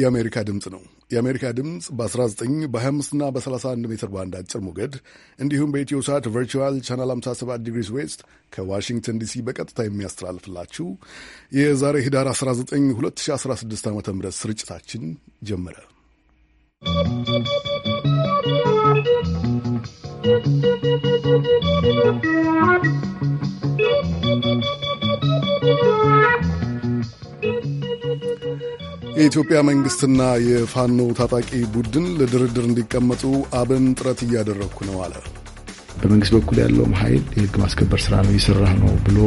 የአሜሪካ ድምፅ ነው። የአሜሪካ ድምፅ በ19 25 እና በ31 ሜትር ባንድ አጭር ሞገድ እንዲሁም በኢትዮ ሳት ቨርቹዋል ቻናል 57 ዲግሪስ ዌስት ከዋሽንግተን ዲሲ በቀጥታ የሚያስተላልፍላችሁ የዛሬ ህዳር 19 2016 ዓ ም ስርጭታችን ጀመረ። ¶¶ የኢትዮጵያ መንግሥትና የፋኖ ታጣቂ ቡድን ለድርድር እንዲቀመጡ አብን ጥረት እያደረግኩ ነው አለ። በመንግስት በኩል ያለውም ኃይል የህግ ማስከበር ስራ ነው እየሰራ ነው ብሎ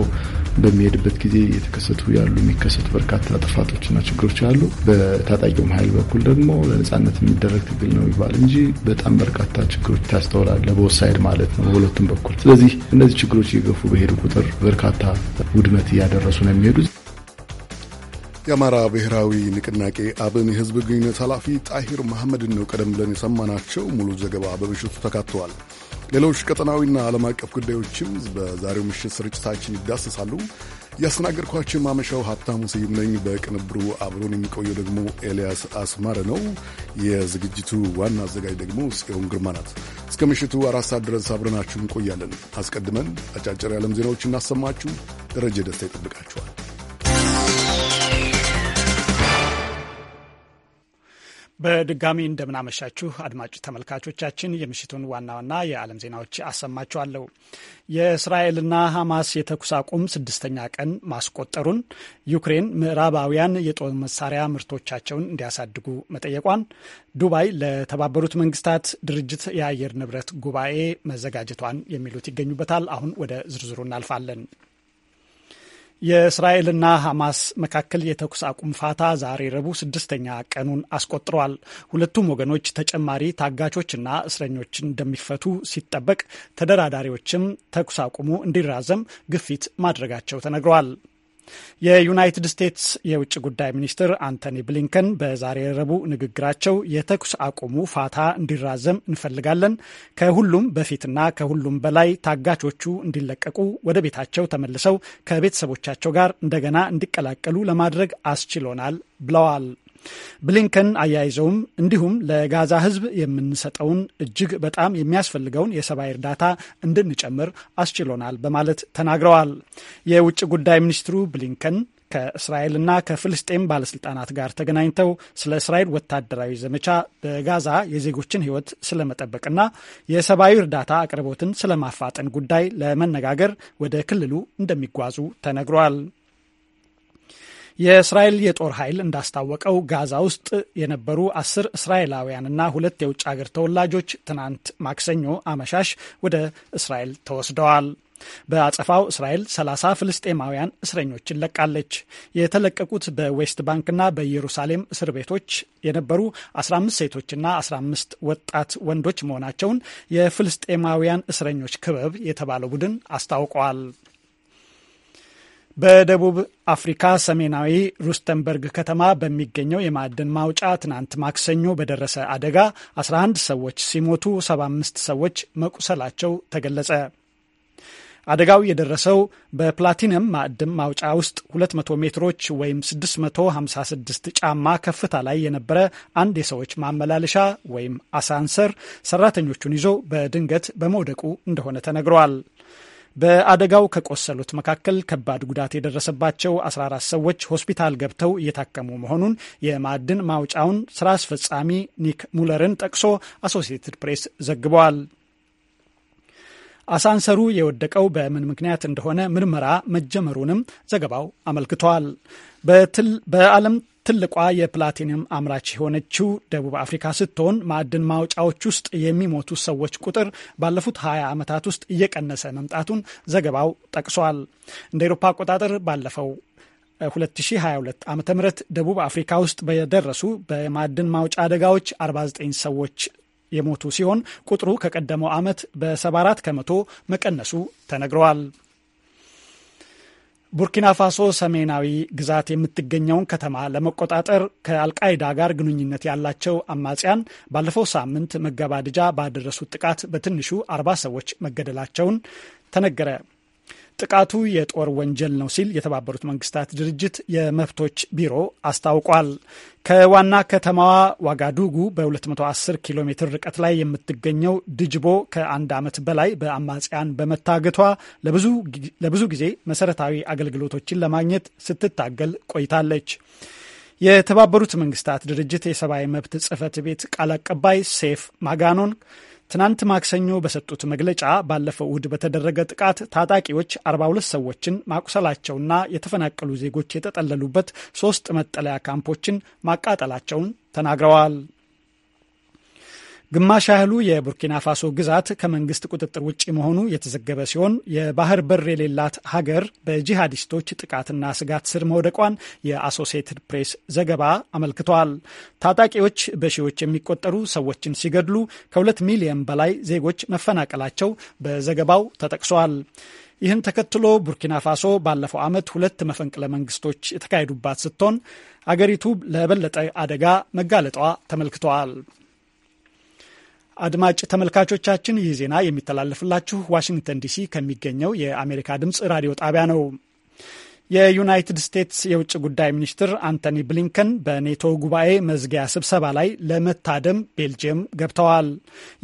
በሚሄድበት ጊዜ የተከሰቱ ያሉ የሚከሰቱ በርካታ ጥፋቶችና ችግሮች አሉ። በታጣቂውም ኃይል በኩል ደግሞ ለነጻነት የሚደረግ ትግል ነው ይባል እንጂ በጣም በርካታ ችግሮች ታስተውላለ። በወሳይድ ማለት ነው በሁለቱም በኩል። ስለዚህ እነዚህ ችግሮች እየገፉ በሄዱ ቁጥር በርካታ ውድመት እያደረሱ ነው የሚሄዱት። የአማራ ብሔራዊ ንቅናቄ አብን የህዝብ ግንኙነት ኃላፊ ጣሂር መሐመድን ነው ቀደም ብለን የሰማናቸው። ሙሉ ዘገባ በምሽቱ ተካተዋል። ሌሎች ቀጠናዊና ዓለም አቀፍ ጉዳዮችም በዛሬው ምሽት ስርጭታችን ይዳሰሳሉ። ያስተናገድኳቸው የማመሻው ሀብታሙ ስዩም ነኝ። በቅንብሩ አብሮን የሚቆየው ደግሞ ኤልያስ አስማረ ነው። የዝግጅቱ ዋና አዘጋጅ ደግሞ ጽዮን ግርማ ናት። እስከ ምሽቱ አራት ሰዓት ድረስ አብረናችሁ እንቆያለን። አስቀድመን አጫጭር የዓለም ዜናዎች እናሰማችሁ። ደረጀ ደስታ ይጠብቃችኋል። በድጋሚ እንደምናመሻችሁ አድማጭ ተመልካቾቻችን፣ የምሽቱን ዋና ዋና የዓለም ዜናዎች አሰማችኋለሁ። የእስራኤልና ሐማስ የተኩስ አቁም ስድስተኛ ቀን ማስቆጠሩን፣ ዩክሬን ምዕራባውያን የጦር መሳሪያ ምርቶቻቸውን እንዲያሳድጉ መጠየቋን፣ ዱባይ ለተባበሩት መንግስታት ድርጅት የአየር ንብረት ጉባኤ መዘጋጀቷን የሚሉት ይገኙበታል። አሁን ወደ ዝርዝሩ እናልፋለን። የእስራኤልና ሐማስ መካከል የተኩስ አቁም ፋታ ዛሬ ረቡዕ ስድስተኛ ቀኑን አስቆጥሯል። ሁለቱም ወገኖች ተጨማሪ ታጋቾችና እስረኞችን እንደሚፈቱ ሲጠበቅ፣ ተደራዳሪዎችም ተኩስ አቁሙ እንዲራዘም ግፊት ማድረጋቸው ተነግሯል። የዩናይትድ ስቴትስ የውጭ ጉዳይ ሚኒስትር አንቶኒ ብሊንከን በዛሬ ረቡዕ ንግግራቸው የተኩስ አቁሙ ፋታ እንዲራዘም እንፈልጋለን፣ ከሁሉም በፊትና ከሁሉም በላይ ታጋቾቹ እንዲለቀቁ ወደ ቤታቸው ተመልሰው ከቤተሰቦቻቸው ጋር እንደገና እንዲቀላቀሉ ለማድረግ አስችሎናል ብለዋል። ብሊንከን አያይዘውም እንዲሁም ለጋዛ ህዝብ የምንሰጠውን እጅግ በጣም የሚያስፈልገውን የሰብአዊ እርዳታ እንድንጨምር አስችሎናል በማለት ተናግረዋል። የውጭ ጉዳይ ሚኒስትሩ ብሊንከን ከእስራኤልና ከፍልስጤም ባለስልጣናት ጋር ተገናኝተው ስለ እስራኤል ወታደራዊ ዘመቻ በጋዛ የዜጎችን ህይወት ስለመጠበቅና የሰብአዊ እርዳታ አቅርቦትን ስለማፋጠን ጉዳይ ለመነጋገር ወደ ክልሉ እንደሚጓዙ ተነግሯል። የእስራኤል የጦር ኃይል እንዳስታወቀው ጋዛ ውስጥ የነበሩ አስር እስራኤላውያንና ሁለት የውጭ አገር ተወላጆች ትናንት ማክሰኞ አመሻሽ ወደ እስራኤል ተወስደዋል። በአጸፋው እስራኤል 30 ፍልስጤማውያን እስረኞችን ለቃለች። የተለቀቁት በዌስት ባንክና በኢየሩሳሌም እስር ቤቶች የነበሩ 15 ሴቶችና 15 ወጣት ወንዶች መሆናቸውን የፍልስጤማውያን እስረኞች ክበብ የተባለው ቡድን አስታውቀዋል። በደቡብ አፍሪካ ሰሜናዊ ሩስተንበርግ ከተማ በሚገኘው የማዕድን ማውጫ ትናንት ማክሰኞ በደረሰ አደጋ 11 ሰዎች ሲሞቱ 75 ሰዎች መቁሰላቸው ተገለጸ። አደጋው የደረሰው በፕላቲነም ማዕድን ማውጫ ውስጥ 200 ሜትሮች ወይም 656 ጫማ ከፍታ ላይ የነበረ አንድ የሰዎች ማመላለሻ ወይም አሳንሰር ሰራተኞቹን ይዞ በድንገት በመውደቁ እንደሆነ ተነግሯል። በአደጋው ከቆሰሉት መካከል ከባድ ጉዳት የደረሰባቸው 14 ሰዎች ሆስፒታል ገብተው እየታከሙ መሆኑን የማዕድን ማውጫውን ስራ አስፈጻሚ ኒክ ሙለርን ጠቅሶ አሶሲየትድ ፕሬስ ዘግበዋል። አሳንሰሩ የወደቀው በምን ምክንያት እንደሆነ ምርመራ መጀመሩንም ዘገባው አመልክቷል። በዓለም ትልቋ የፕላቲኒየም አምራች የሆነችው ደቡብ አፍሪካ ስትሆን ማዕድን ማውጫዎች ውስጥ የሚሞቱ ሰዎች ቁጥር ባለፉት 20 ዓመታት ውስጥ እየቀነሰ መምጣቱን ዘገባው ጠቅሷል። እንደ ኤሮፓ አቆጣጠር ባለፈው 2022 ም ደቡብ አፍሪካ ውስጥ በደረሱ በማዕድን ማውጫ አደጋዎች 49 ሰዎች የሞቱ ሲሆን ቁጥሩ ከቀደመው ዓመት በ74 ከመቶ መቀነሱ ተነግረዋል። ቡርኪና ፋሶ ሰሜናዊ ግዛት የምትገኘውን ከተማ ለመቆጣጠር ከአልቃይዳ ጋር ግንኙነት ያላቸው አማጽያን ባለፈው ሳምንት መገባደጃ ባደረሱት ጥቃት በትንሹ አርባ ሰዎች መገደላቸውን ተነገረ። ጥቃቱ የጦር ወንጀል ነው ሲል የተባበሩት መንግስታት ድርጅት የመብቶች ቢሮ አስታውቋል። ከዋና ከተማዋ ዋጋዱጉ በ210 ኪሎ ሜትር ርቀት ላይ የምትገኘው ድጅቦ ከአንድ ዓመት በላይ በአማጽያን በመታገቷ ለብዙ ጊዜ መሰረታዊ አገልግሎቶችን ለማግኘት ስትታገል ቆይታለች። የተባበሩት መንግስታት ድርጅት የሰብአዊ መብት ጽህፈት ቤት ቃል አቀባይ ሴፍ ማጋኖን ትናንት ማክሰኞ በሰጡት መግለጫ ባለፈው እሁድ በተደረገ ጥቃት ታጣቂዎች 42 ሰዎችን ማቁሰላቸውና የተፈናቀሉ ዜጎች የተጠለሉበት ሶስት መጠለያ ካምፖችን ማቃጠላቸውን ተናግረዋል። ግማሽ ያህሉ የቡርኪና ፋሶ ግዛት ከመንግስት ቁጥጥር ውጭ መሆኑ የተዘገበ ሲሆን የባህር በር የሌላት ሀገር በጂሃዲስቶች ጥቃትና ስጋት ስር መውደቋን የአሶሲየትድ ፕሬስ ዘገባ አመልክቷል። ታጣቂዎች በሺዎች የሚቆጠሩ ሰዎችን ሲገድሉ ከሁለት ሚሊዮን በላይ ዜጎች መፈናቀላቸው በዘገባው ተጠቅሷል። ይህን ተከትሎ ቡርኪና ፋሶ ባለፈው ዓመት ሁለት መፈንቅለ መንግስቶች የተካሄዱባት ስትሆን አገሪቱ ለበለጠ አደጋ መጋለጧ ተመልክተዋል። አድማጭ ተመልካቾቻችን ይህ ዜና የሚተላለፍላችሁ ዋሽንግተን ዲሲ ከሚገኘው የአሜሪካ ድምፅ ራዲዮ ጣቢያ ነው። የዩናይትድ ስቴትስ የውጭ ጉዳይ ሚኒስትር አንቶኒ ብሊንከን በኔቶ ጉባኤ መዝጊያ ስብሰባ ላይ ለመታደም ቤልጅየም ገብተዋል።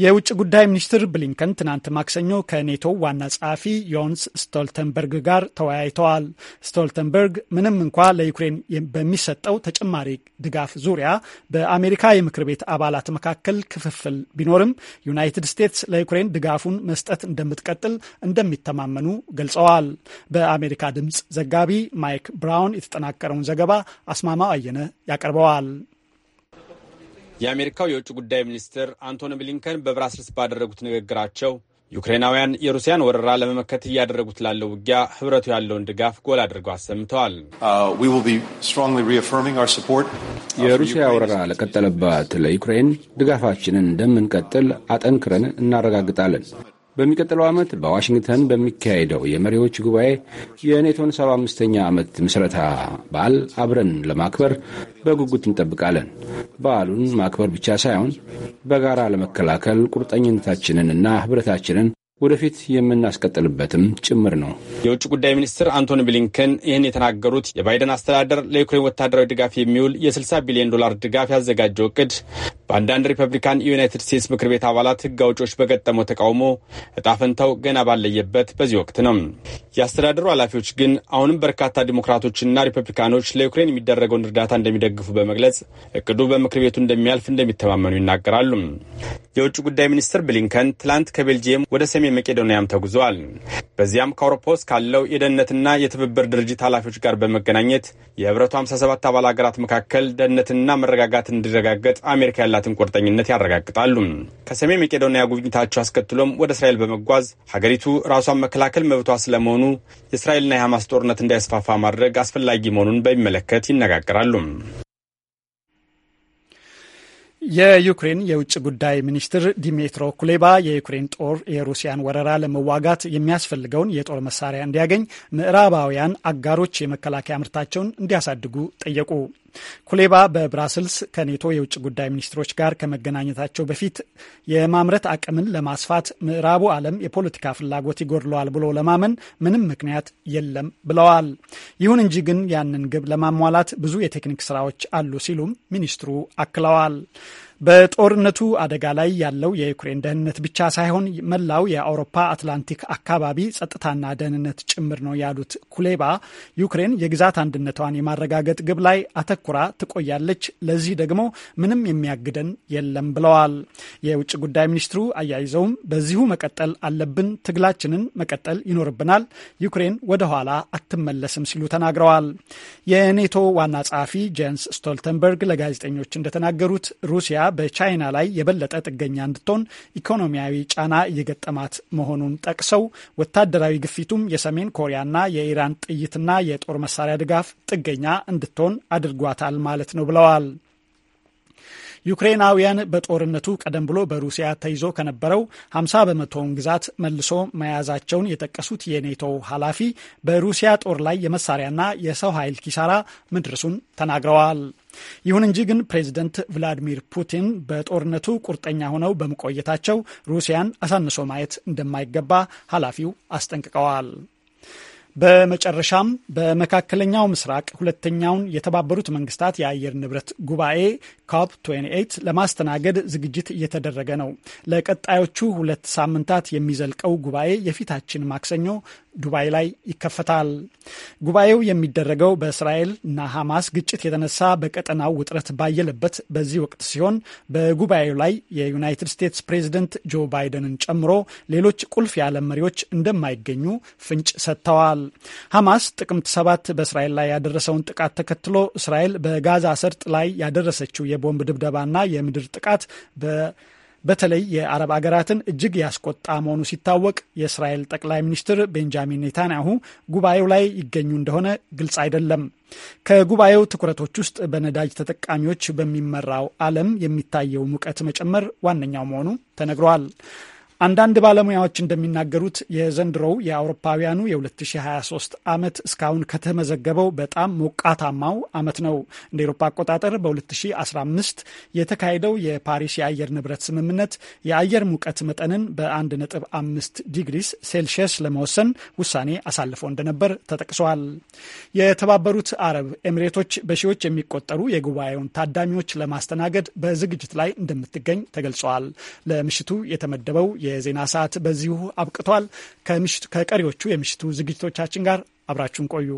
የውጭ ጉዳይ ሚኒስትር ብሊንከን ትናንት ማክሰኞ ከኔቶ ዋና ጸሐፊ ዮንስ ስቶልተንበርግ ጋር ተወያይተዋል። ስቶልተንበርግ ምንም እንኳ ለዩክሬን በሚሰጠው ተጨማሪ ድጋፍ ዙሪያ በአሜሪካ የምክር ቤት አባላት መካከል ክፍፍል ቢኖርም ዩናይትድ ስቴትስ ለዩክሬን ድጋፉን መስጠት እንደምትቀጥል እንደሚተማመኑ ገልጸዋል። በአሜሪካ ድምጽ ዘጋቢ ዘጋቢ ማይክ ብራውን የተጠናቀረውን ዘገባ አስማማው አየነ ያቀርበዋል። የአሜሪካው የውጭ ጉዳይ ሚኒስትር አንቶኒ ብሊንከን በብራስልስ ባደረጉት ንግግራቸው ዩክሬናውያን የሩሲያን ወረራ ለመመከት እያደረጉት ላለው ውጊያ ህብረቱ ያለውን ድጋፍ ጎል አድርገው አሰምተዋል። uh, የሩሲያ ወረራ ለቀጠለባት ለዩክሬን ድጋፋችንን እንደምንቀጥል አጠንክረን እናረጋግጣለን። በሚቀጥለው ዓመት በዋሽንግተን በሚካሄደው የመሪዎች ጉባኤ የኔቶን 75ኛ ዓመት ምስረታ በዓል አብረን ለማክበር በጉጉት እንጠብቃለን። በዓሉን ማክበር ብቻ ሳይሆን በጋራ ለመከላከል ቁርጠኝነታችንንና ኅብረታችንን ወደፊት የምናስቀጥልበትም ጭምር ነው። የውጭ ጉዳይ ሚኒስትር አንቶኒ ብሊንከን ይህን የተናገሩት የባይደን አስተዳደር ለዩክሬን ወታደራዊ ድጋፍ የሚውል የ60 ቢሊዮን ዶላር ድጋፍ ያዘጋጀው እቅድ በአንዳንድ ሪፐብሊካን የዩናይትድ ስቴትስ ምክር ቤት አባላት ህግ አውጮች በገጠመው ተቃውሞ እጣ ገና ባለየበት በዚህ ወቅት ነው። የአስተዳደሩ ኃላፊዎች ግን አሁንም በርካታ ዲሞክራቶችና ሪፐብሊካኖች ለዩክሬን የሚደረገውን እርዳታ እንደሚደግፉ በመግለጽ እቅዱ በምክር ቤቱ እንደሚያልፍ እንደሚተማመኑ ይናገራሉ። የውጭ ጉዳይ ሚኒስትር ብሊንከን ትላንት ከቤልጅየም ወደ ሰሜን መቄዶንያም ተጉዘዋል። በዚያም ከአውሮፓ ውስጥ ካለው የደህንነትና የትብብር ድርጅት ኃላፊዎች ጋር በመገናኘት የህብረቱ 57 አባል ሀገራት መካከል ደህንነትና መረጋጋት እንዲረጋገጥ አሜሪካ ያላት ያላትን ቁርጠኝነት ያረጋግጣሉ። ከሰሜን መቄዶንያ ጉብኝታቸው አስከትሎም ወደ እስራኤል በመጓዝ ሀገሪቱ ራሷን መከላከል መብቷ ስለመሆኑ የእስራኤልና የሐማስ ጦርነት እንዳይስፋፋ ማድረግ አስፈላጊ መሆኑን በሚመለከት ይነጋገራሉ። የዩክሬን የውጭ ጉዳይ ሚኒስትር ዲሜትሮ ኩሌባ የዩክሬን ጦር የሩሲያን ወረራ ለመዋጋት የሚያስፈልገውን የጦር መሳሪያ እንዲያገኝ ምዕራባውያን አጋሮች የመከላከያ ምርታቸውን እንዲያሳድጉ ጠየቁ። ኩሌባ በብራስልስ ከኔቶ የውጭ ጉዳይ ሚኒስትሮች ጋር ከመገናኘታቸው በፊት የማምረት አቅምን ለማስፋት ምዕራቡ ዓለም የፖለቲካ ፍላጎት ይጎድለዋል ብሎ ለማመን ምንም ምክንያት የለም ብለዋል። ይሁን እንጂ ግን ያንን ግብ ለማሟላት ብዙ የቴክኒክ ስራዎች አሉ ሲሉም ሚኒስትሩ አክለዋል። በጦርነቱ አደጋ ላይ ያለው የዩክሬን ደህንነት ብቻ ሳይሆን መላው የአውሮፓ አትላንቲክ አካባቢ ጸጥታና ደህንነት ጭምር ነው ያሉት ኩሌባ ዩክሬን የግዛት አንድነቷን የማረጋገጥ ግብ ላይ አተኩራ ትቆያለች፣ ለዚህ ደግሞ ምንም የሚያግደን የለም ብለዋል። የውጭ ጉዳይ ሚኒስትሩ አያይዘውም በዚሁ መቀጠል አለብን፣ ትግላችንን መቀጠል ይኖርብናል፣ ዩክሬን ወደ ኋላ አትመለስም ሲሉ ተናግረዋል። የኔቶ ዋና ጸሐፊ ጄንስ ስቶልተንበርግ ለጋዜጠኞች እንደተናገሩት ሩሲያ በቻይና ላይ የበለጠ ጥገኛ እንድትሆን ኢኮኖሚያዊ ጫና እየገጠማት መሆኑን ጠቅሰው ወታደራዊ ግፊቱም የሰሜን ኮሪያና የኢራን ጥይትና የጦር መሳሪያ ድጋፍ ጥገኛ እንድትሆን አድርጓታል ማለት ነው ብለዋል። ዩክሬናውያን በጦርነቱ ቀደም ብሎ በሩሲያ ተይዞ ከነበረው 50 በመቶውን ግዛት መልሶ መያዛቸውን የጠቀሱት የኔቶ ኃላፊ በሩሲያ ጦር ላይ የመሳሪያና የሰው ኃይል ኪሳራ መድረሱን ተናግረዋል። ይሁን እንጂ ግን ፕሬዚደንት ቭላዲሚር ፑቲን በጦርነቱ ቁርጠኛ ሆነው በመቆየታቸው ሩሲያን አሳንሶ ማየት እንደማይገባ ኃላፊው አስጠንቅቀዋል። በመጨረሻም በመካከለኛው ምስራቅ ሁለተኛውን የተባበሩት መንግስታት የአየር ንብረት ጉባኤ ኮፕ 28 ለማስተናገድ ዝግጅት እየተደረገ ነው። ለቀጣዮቹ ሁለት ሳምንታት የሚዘልቀው ጉባኤ የፊታችን ማክሰኞ ዱባይ ላይ ይከፈታል። ጉባኤው የሚደረገው በእስራኤል እና ሐማስ ግጭት የተነሳ በቀጠናው ውጥረት ባየለበት በዚህ ወቅት ሲሆን በጉባኤው ላይ የዩናይትድ ስቴትስ ፕሬዝደንት ጆ ባይደንን ጨምሮ ሌሎች ቁልፍ የዓለም መሪዎች እንደማይገኙ ፍንጭ ሰጥተዋል። ገልጿል። ሐማስ ጥቅምት ሰባት በእስራኤል ላይ ያደረሰውን ጥቃት ተከትሎ እስራኤል በጋዛ ሰርጥ ላይ ያደረሰችው የቦምብ ድብደባና የምድር ጥቃት በተለይ የአረብ አገራትን እጅግ ያስቆጣ መሆኑ ሲታወቅ የእስራኤል ጠቅላይ ሚኒስትር ቤንጃሚን ኔታንያሁ ጉባኤው ላይ ይገኙ እንደሆነ ግልጽ አይደለም። ከጉባኤው ትኩረቶች ውስጥ በነዳጅ ተጠቃሚዎች በሚመራው ዓለም የሚታየው ሙቀት መጨመር ዋነኛው መሆኑ ተነግሯል። አንዳንድ ባለሙያዎች እንደሚናገሩት የዘንድሮው የአውሮፓውያኑ የ2023 ዓመት እስካሁን ከተመዘገበው በጣም ሞቃታማው ዓመት ነው። እንደ ኤሮፓ አቆጣጠር በ2015 የተካሄደው የፓሪስ የአየር ንብረት ስምምነት የአየር ሙቀት መጠንን በ1.5 ዲግሪስ ሴልሺየስ ለመወሰን ውሳኔ አሳልፎ እንደነበር ተጠቅሷል። የተባበሩት አረብ ኤሚሬቶች በሺዎች የሚቆጠሩ የጉባኤውን ታዳሚዎች ለማስተናገድ በዝግጅት ላይ እንደምትገኝ ተገልጸዋል። ለምሽቱ የተመደበው የዜና ሰዓት በዚሁ አብቅቷል። ከቀሪዎቹ የምሽቱ ዝግጅቶቻችን ጋር አብራችሁን ቆዩ።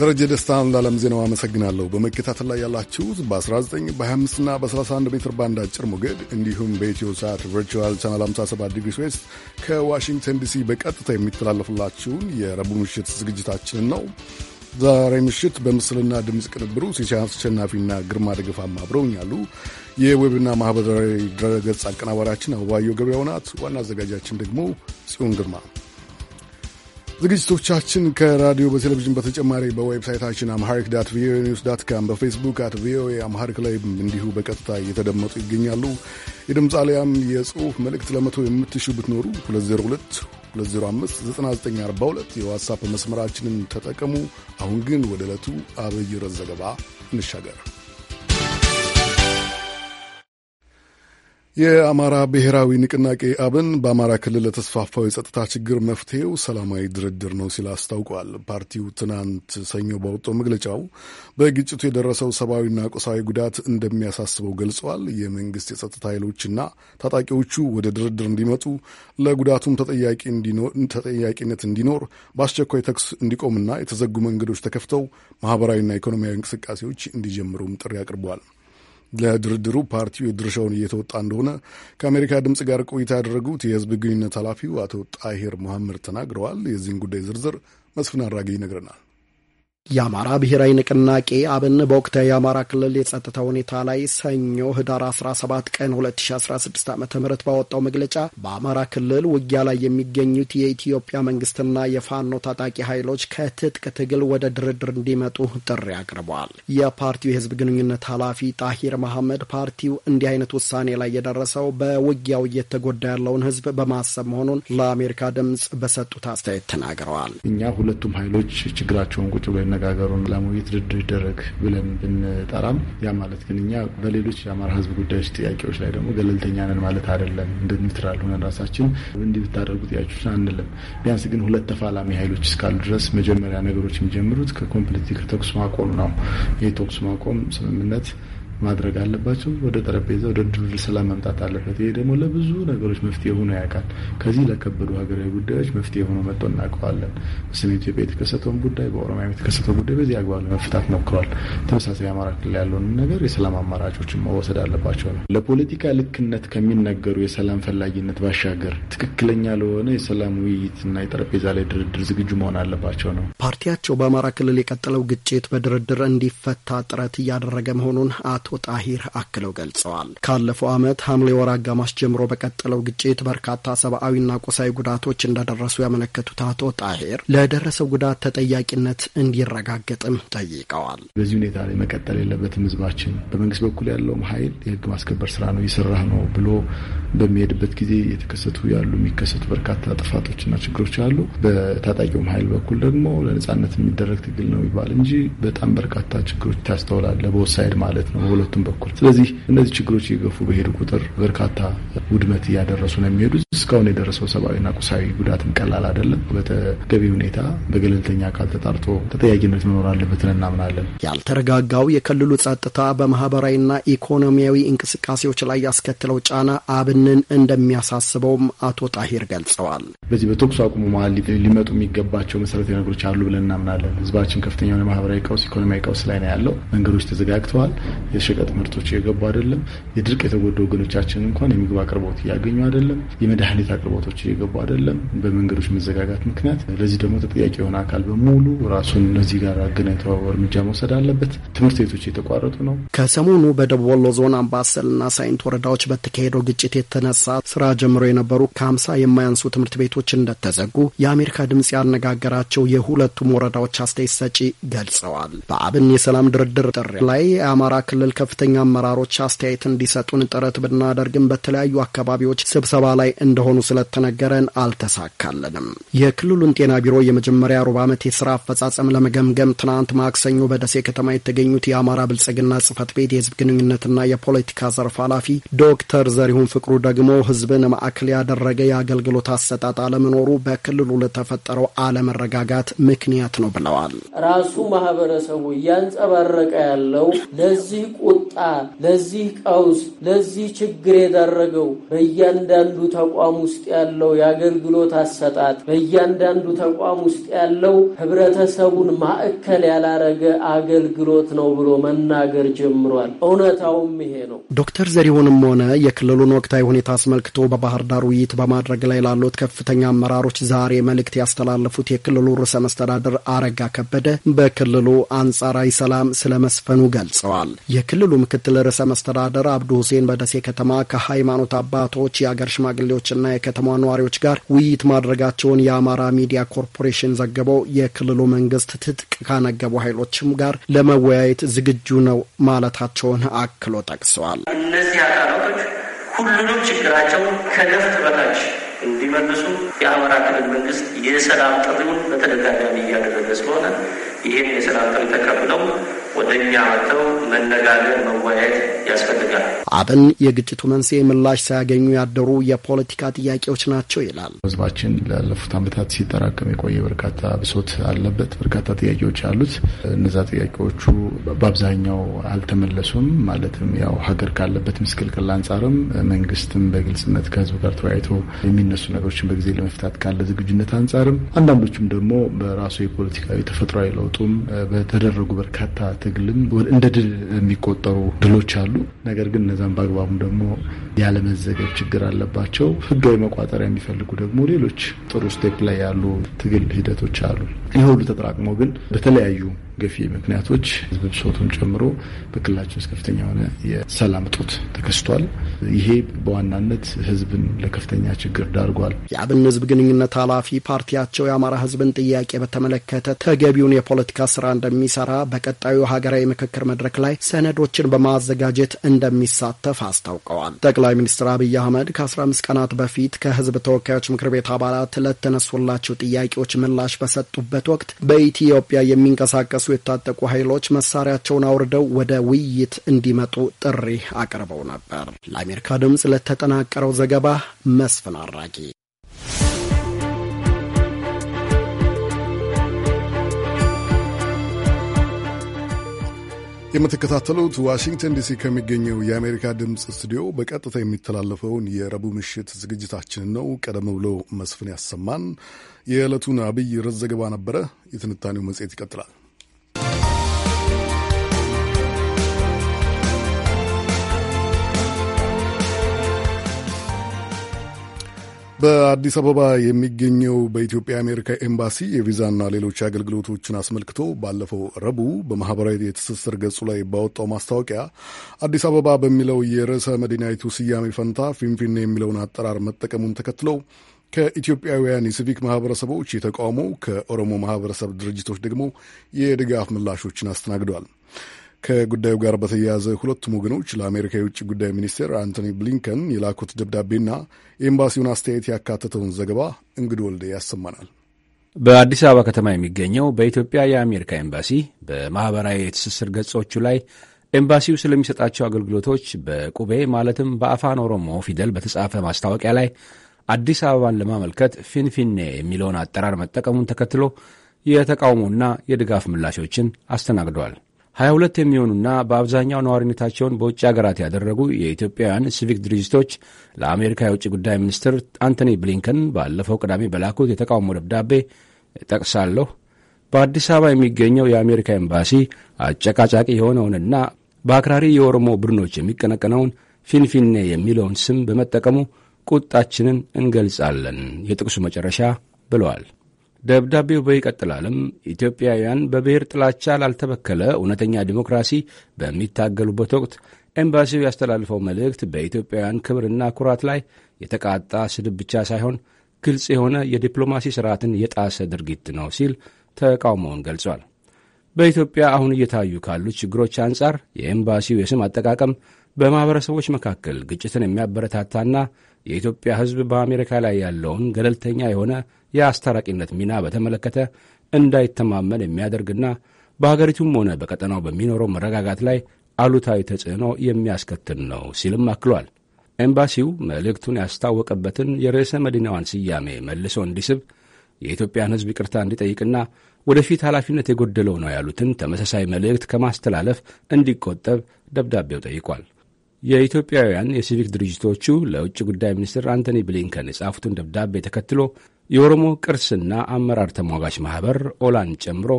ደረጀ ደስታን ለዓለም ዜናው አመሰግናለሁ። በመከታተል ላይ ያላችሁት በ19 በ25ና በ31 ሜትር ባንድ አጭር ሞገድ እንዲሁም በኢትዮ ሰዓት ቨርቹዋል ቻናል 57 ዲግሪ ዌስት ከዋሽንግተን ዲሲ በቀጥታ የሚተላለፍላችሁን የረቡዕ ምሽት ዝግጅታችንን ነው። ዛሬ ምሽት በምስልና ድምፅ ቅንብሩ ሲሳይ አስቸናፊና ግርማ ደገፋም አብረውኛሉ። የዌብና ማህበራዊ ድረገጽ አቀናባሪያችን አበባየሁ ገበያው ናት። ዋና አዘጋጃችን ደግሞ ጽዮን ግርማ ዝግጅቶቻችን ከራዲዮ በቴሌቪዥን በተጨማሪ በዌብሳይታችን አምሃሪክ ዳት ቪኦኤ ኒውስ ዳት ካም በፌስቡክ አት ቪኦኤ አምሃሪክ ላይ እንዲሁ በቀጥታ እየተደመጡ ይገኛሉ። የድምፅ አሊያም የጽሁፍ መልእክት ለመቶ የምትሹ ብትኖሩ 202 205 የዋትሳፕ መስመራችንን ተጠቀሙ። አሁን ግን ወደ ዕለቱ አብይ ርዕስ ዘገባ እንሻገር። የአማራ ብሔራዊ ንቅናቄ አብን በአማራ ክልል ለተስፋፋው የጸጥታ ችግር መፍትሄው ሰላማዊ ድርድር ነው ሲል አስታውቋል። ፓርቲው ትናንት ሰኞ ባወጣው መግለጫው በግጭቱ የደረሰው ሰብአዊና ቁሳዊ ጉዳት እንደሚያሳስበው ገልጸዋል። የመንግስት የጸጥታ ኃይሎችና ታጣቂዎቹ ወደ ድርድር እንዲመጡ፣ ለጉዳቱም ተጠያቂነት እንዲኖር፣ በአስቸኳይ ተኩስ እንዲቆምና የተዘጉ መንገዶች ተከፍተው ማህበራዊና ኢኮኖሚያዊ እንቅስቃሴዎች እንዲጀምሩም ጥሪ አቅርበዋል። ለድርድሩ ፓርቲው የድርሻውን እየተወጣ እንደሆነ ከአሜሪካ ድምፅ ጋር ቆይታ ያደረጉት የህዝብ ግንኙነት ኃላፊው አቶ ጣሄር መሐመድ ተናግረዋል። የዚህን ጉዳይ ዝርዝር መስፍን አድራጊ ይነግረናል። የአማራ ብሔራዊ ንቅናቄ አብን በወቅታዊ የአማራ ክልል የጸጥታ ሁኔታ ላይ ሰኞ ህዳር 17 ቀን 2016 ዓ ም ባወጣው መግለጫ በአማራ ክልል ውጊያ ላይ የሚገኙት የኢትዮጵያ መንግስትና የፋኖ ታጣቂ ኃይሎች ከትጥቅ ትግል ወደ ድርድር እንዲመጡ ጥሪ አቅርበዋል። የፓርቲው የህዝብ ግንኙነት ኃላፊ ጣሂር መሐመድ ፓርቲው እንዲህ አይነት ውሳኔ ላይ የደረሰው በውጊያው እየተጎዳ ያለውን ህዝብ በማሰብ መሆኑን ለአሜሪካ ድምፅ በሰጡት አስተያየት ተናግረዋል። እኛ ሁለቱም ኃይሎች ችግራቸውን ቁጭ ብለን መነጋገሩን ለመውይይት ድርድር ይደረግ ብለን ብንጠራም ያ ማለት ግን እኛ በሌሎች የአማራ ሕዝብ ጉዳዮች ጥያቄዎች ላይ ደግሞ ገለልተኛ ነን ማለት አይደለም። እንደ ኒውትራል ሆነን ራሳችን እንዲህ ብታደርጉ ጥያቄዎች አንልም። ቢያንስ ግን ሁለት ተፋላሚ ኃይሎች እስካሉ ድረስ መጀመሪያ ነገሮች የሚጀምሩት ከኮምፕሊት ከተኩስ ማቆም ነው። ይህ ተኩስ ማቆም ስምምነት ማድረግ አለባቸው። ወደ ጠረጴዛ ወደ ድርድር ሰላም መምጣት አለበት። ይሄ ደግሞ ለብዙ ነገሮች መፍትሄ ሆኖ ያውቃል። ከዚህ ለከበዱ ሀገራዊ ጉዳዮች መፍትሄ ሆኖ መጥቶ እናውቀዋለን። በሰሜን ኢትዮጵያ የተከሰተውን ጉዳይ፣ በኦሮሚያ የተከሰተውን ጉዳይ በዚህ አግባብ ለመፍታት ሞክረዋል። ተመሳሳይ አማራ ክልል ያለውን ነገር የሰላም አማራጮችን መወሰድ አለባቸው ነው። ለፖለቲካ ልክነት ከሚነገሩ የሰላም ፈላጊነት ባሻገር ትክክለኛ ለሆነ የሰላም ውይይትና የጠረጴዛ ላይ ድርድር ዝግጁ መሆን አለባቸው ነው። ፓርቲያቸው በአማራ ክልል የቀጠለው ግጭት በድርድር እንዲፈታ ጥረት እያደረገ መሆኑን አቶ አቶ ጣሂር አክለው ገልጸዋል። ካለፈው ዓመት ሐምሌ ወር አጋማሽ ጀምሮ በቀጠለው ግጭት በርካታ ሰብአዊና ቁሳዊ ጉዳቶች እንደደረሱ ያመለከቱት አቶ ጣሂር ለደረሰው ጉዳት ተጠያቂነት እንዲረጋገጥም ጠይቀዋል። በዚህ ሁኔታ ላይ መቀጠል የለበትም። ህዝባችን በመንግስት በኩል ያለውም ኃይል የህግ ማስከበር ስራ ነው እየሰራ ነው ብሎ በሚሄድበት ጊዜ የተከሰቱ ያሉ የሚከሰቱ በርካታ ጥፋቶችና ችግሮች አሉ። በታጣቂውም ኃይል በኩል ደግሞ ለነጻነት የሚደረግ ትግል ነው ይባል እንጂ በጣም በርካታ ችግሮች ታስተውላለ። በወሳይድ ማለት ነው በሁለቱም በኩል። ስለዚህ እነዚህ ችግሮች እየገፉ በሄዱ ቁጥር በርካታ ውድመት እያደረሱ ነው የሚሄዱ። እስካሁን የደረሰው ሰብአዊና ቁሳዊ ጉዳትም ቀላል አይደለም። በተገቢ ሁኔታ በገለልተኛ አካል ተጣርቶ ተጠያቂነት መኖር አለበት እናምናለን። ያልተረጋጋው የክልሉ ጸጥታ በማህበራዊና ኢኮኖሚያዊ እንቅስቃሴዎች ላይ ያስከትለው ጫና አብንን እንደሚያሳስበውም አቶ ጣሂር ገልጸዋል። በዚህ በተኩስ አቁሙ መሀል ሊመጡ የሚገባቸው መሰረታዊ ነገሮች አሉ ብለን እናምናለን። ህዝባችን ከፍተኛ የሆነ ማህበራዊ ቀውስ፣ ኢኮኖሚያዊ ቀውስ ላይ ነው ያለው። መንገዶች ተዘጋግተዋል። የሸቀጥ ምርቶች እየገቡ አይደለም። የድርቅ የተጎዱ ወገኖቻችን እንኳን የምግብ አቅርቦት እያገኙ አይደለም። የመድኃኒ መድኃኒት አቅርቦቶች እየገቡ አይደለም። በመንገዶች መዘጋጋት ምክንያት ለዚህ ደግሞ ተጠያቂ የሆነ አካል በሙሉ ራሱን እነዚህ ጋር አገናኝቶ እርምጃ መውሰድ አለበት። ትምህርት ቤቶች የተቋረጡ ነው። ከሰሞኑ በደቡብ ወሎ ዞን አምባሰልና ሳይንት ወረዳዎች በተካሄደው ግጭት የተነሳ ስራ ጀምሮ የነበሩ ከሀምሳ የማያንሱ ትምህርት ቤቶች እንደተዘጉ የአሜሪካ ድምጽ ያነጋገራቸው የሁለቱም ወረዳዎች አስተያየት ሰጪ ገልጸዋል። በአብን የሰላም ድርድር ጥሪ ላይ የአማራ ክልል ከፍተኛ አመራሮች አስተያየት እንዲሰጡን ጥረት ብናደርግም በተለያዩ አካባቢዎች ስብሰባ ላይ እንደሆነ መሆኑ ስለተነገረን አልተሳካለንም። የክልሉን ጤና ቢሮ የመጀመሪያ ሩብ ዓመት የስራ አፈጻጸም ለመገምገም ትናንት ማክሰኞ በደሴ ከተማ የተገኙት የአማራ ብልጽግና ጽህፈት ቤት የህዝብ ግንኙነትና የፖለቲካ ዘርፍ ኃላፊ ዶክተር ዘሪሁን ፍቅሩ ደግሞ ህዝብን ማዕከል ያደረገ የአገልግሎት አሰጣጥ አለመኖሩ በክልሉ ለተፈጠረው አለመረጋጋት ምክንያት ነው ብለዋል። ራሱ ማህበረሰቡ እያንጸባረቀ ያለው ለዚህ ቁጣ፣ ለዚህ ቀውስ፣ ለዚህ ችግር የዳረገው በእያንዳንዱ ተቋሙ ውስጥ ያለው የአገልግሎት አሰጣጥ፣ በእያንዳንዱ ተቋም ውስጥ ያለው ህብረተሰቡን ማዕከል ያላረገ አገልግሎት ነው ብሎ መናገር ጀምሯል። እውነታውም ይሄ ነው። ዶክተር ዘሪሁንም ሆነ የክልሉን ወቅታዊ ሁኔታ አስመልክቶ በባህር ዳር ውይይት በማድረግ ላይ ላሉት ከፍተኛ አመራሮች ዛሬ መልእክት ያስተላለፉት የክልሉ ርዕሰ መስተዳድር አረጋ ከበደ በክልሉ አንጻራዊ ሰላም ስለ መስፈኑ ገልጸዋል። የክልሉ ምክትል ርዕሰ መስተዳደር አብዱ ሁሴን በደሴ ከተማ ከሃይማኖት አባቶች፣ የአገር ሽማግሌዎችና ከመንግስትና የከተማ ነዋሪዎች ጋር ውይይት ማድረጋቸውን የአማራ ሚዲያ ኮርፖሬሽን ዘግበው የክልሉ መንግስት ትጥቅ ካነገቡ ኃይሎችም ጋር ለመወያየት ዝግጁ ነው ማለታቸውን አክሎ ጠቅሰዋል። እነዚህ አካላቶች ሁሉንም ችግራቸው ከገፍት በታች እንዲመልሱ የአማራ ክልል መንግስት የሰላም ጥሪውን በተደጋጋሚ እያደረገ ስለሆነ ይህን የሰላም ጥሪ ተቀብለው ወደ እኛ መጥተው መነጋገር መወያየት ያስፈልጋል። አብን የግጭቱ መንስኤ ምላሽ ሳያገኙ ያደሩ የፖለቲካ ጥያቄዎች ናቸው ይላል። ህዝባችን ላለፉት ዓመታት ሲጠራቀም የቆየ በርካታ ብሶት አለበት። በርካታ ጥያቄዎች አሉት። እነዛ ጥያቄዎቹ በአብዛኛው አልተመለሱም። ማለትም ያው ሀገር ካለበት ምስቅልቅል አንጻርም መንግስትም በግልጽነት ከህዝብ ጋር ተወያይቶ የሚነሱ ነገሮችን በጊዜ ለመፍታት ካለ ዝግጁነት አንጻርም አንዳንዶቹም ደግሞ በራሱ የፖለቲካዊ ተፈጥሯዊ ለውጡም በተደረጉ በርካታ ትግልም እንደ ድል የሚቆጠሩ ድሎች አሉ። ነገር ግን እነዛም በአግባቡ ደግሞ ያለመዘገብ ችግር አለባቸው። ህጋዊ መቋጠሪያ የሚፈልጉ ደግሞ ሌሎች ጥሩ ስቴፕ ላይ ያሉ ትግል ሂደቶች አሉ። ይህ ሁሉ ተጠራቅሞ ግን በተለያዩ ገፊ ምክንያቶች ህዝብ ብሶቱን ጨምሮ በክልላችን ውስጥ ከፍተኛ የሆነ የሰላም እጦት ተከስቷል። ይሄ በዋናነት ህዝብን ለከፍተኛ ችግር ዳርጓል። የአብን ህዝብ ግንኙነት ኃላፊ ፓርቲያቸው የአማራ ህዝብን ጥያቄ በተመለከተ ተገቢውን የፖለቲካ ስራ እንደሚሰራ በቀጣዩ ሀገራዊ ምክክር መድረክ ላይ ሰነዶችን በማዘጋጀት እንደሚሳተፍ አስታውቀዋል። ጠቅላይ ሚኒስትር አብይ አህመድ ከ15 ቀናት በፊት ከህዝብ ተወካዮች ምክር ቤት አባላት ለተነሱላቸው ጥያቄዎች ምላሽ በሰጡበት ወቅት በኢትዮጵያ የሚንቀሳቀሱ የታጠቁ ኃይሎች መሳሪያቸውን አውርደው ወደ ውይይት እንዲመጡ ጥሪ አቅርበው ነበር። ለአሜሪካ ድምፅ ለተጠናቀረው ዘገባ መስፍን አራጊ። የምትከታተሉት ዋሽንግተን ዲሲ ከሚገኘው የአሜሪካ ድምፅ ስቱዲዮ በቀጥታ የሚተላለፈውን የረቡዕ ምሽት ዝግጅታችንን ነው። ቀደም ብሎ መስፍን ያሰማን የዕለቱን አብይ ርዕስ ዘገባ ነበረ። የትንታኔው መጽሔት ይቀጥላል። በአዲስ አበባ የሚገኘው በኢትዮጵያ አሜሪካ ኤምባሲ የቪዛና ሌሎች አገልግሎቶችን አስመልክቶ ባለፈው ረቡዕ በማህበራዊ የትስስር ገጹ ላይ ባወጣው ማስታወቂያ አዲስ አበባ በሚለው የርዕሰ መዲናይቱ ስያሜ ፈንታ ፊንፊኔ የሚለውን አጠራር መጠቀሙን ተከትለው ከኢትዮጵያውያን የሲቪክ ማህበረሰቦች የተቃውሞ፣ ከኦሮሞ ማህበረሰብ ድርጅቶች ደግሞ የድጋፍ ምላሾችን አስተናግደዋል። ከጉዳዩ ጋር በተያያዘ ሁለቱም ወገኖች ለአሜሪካ የውጭ ጉዳይ ሚኒስቴር አንቶኒ ብሊንከን የላኩት ደብዳቤና የኤምባሲውን አስተያየት ያካተተውን ዘገባ እንግድ ወልደ ያሰማናል። በአዲስ አበባ ከተማ የሚገኘው በኢትዮጵያ የአሜሪካ ኤምባሲ በማኅበራዊ የትስስር ገጾቹ ላይ ኤምባሲው ስለሚሰጣቸው አገልግሎቶች በቁቤ ማለትም በአፋን ኦሮሞ ፊደል በተጻፈ ማስታወቂያ ላይ አዲስ አበባን ለማመልከት ፊንፊኔ የሚለውን አጠራር መጠቀሙን ተከትሎ የተቃውሞና የድጋፍ ምላሾችን አስተናግደዋል። 22 የሚሆኑና በአብዛኛው ነዋሪነታቸውን በውጭ ሀገራት ያደረጉ የኢትዮጵያውያን ሲቪክ ድርጅቶች ለአሜሪካ የውጭ ጉዳይ ሚኒስትር አንቶኒ ብሊንከን ባለፈው ቅዳሜ በላኩት የተቃውሞ ደብዳቤ ጠቅሳለሁ በአዲስ አበባ የሚገኘው የአሜሪካ ኤምባሲ አጨቃጫቂ የሆነውንና በአክራሪ የኦሮሞ ቡድኖች የሚቀነቀነውን ፊንፊኔ የሚለውን ስም በመጠቀሙ ቁጣችንን እንገልጻለን የጥቅሱ መጨረሻ ብለዋል። ደብዳቤው በይቀጥላልም ኢትዮጵያውያን በብሔር ጥላቻ ላልተበከለ እውነተኛ ዲሞክራሲ በሚታገሉበት ወቅት ኤምባሲው ያስተላልፈው መልእክት በኢትዮጵያውያን ክብርና ኩራት ላይ የተቃጣ ስድብ ብቻ ሳይሆን ግልጽ የሆነ የዲፕሎማሲ ሥርዓትን የጣሰ ድርጊት ነው ሲል ተቃውሞውን ገልጿል። በኢትዮጵያ አሁን እየታዩ ካሉት ችግሮች አንጻር የኤምባሲው የስም አጠቃቀም በማኅበረሰቦች መካከል ግጭትን የሚያበረታታና የኢትዮጵያ ሕዝብ በአሜሪካ ላይ ያለውን ገለልተኛ የሆነ የአስታራቂነት ሚና በተመለከተ እንዳይተማመን የሚያደርግና በሀገሪቱም ሆነ በቀጠናው በሚኖረው መረጋጋት ላይ አሉታዊ ተጽዕኖ የሚያስከትል ነው ሲልም አክሏል። ኤምባሲው መልእክቱን ያስታወቀበትን የርዕሰ መዲናዋን ስያሜ መልሶ እንዲስብ የኢትዮጵያን ሕዝብ ይቅርታ እንዲጠይቅና ወደፊት ኃላፊነት የጎደለው ነው ያሉትን ተመሳሳይ መልእክት ከማስተላለፍ እንዲቆጠብ ደብዳቤው ጠይቋል። የኢትዮጵያውያን የሲቪክ ድርጅቶቹ ለውጭ ጉዳይ ሚኒስትር አንቶኒ ብሊንከን የጻፉትን ደብዳቤ ተከትሎ የኦሮሞ ቅርስና አመራር ተሟጋች ማኅበር ኦላን ጨምሮ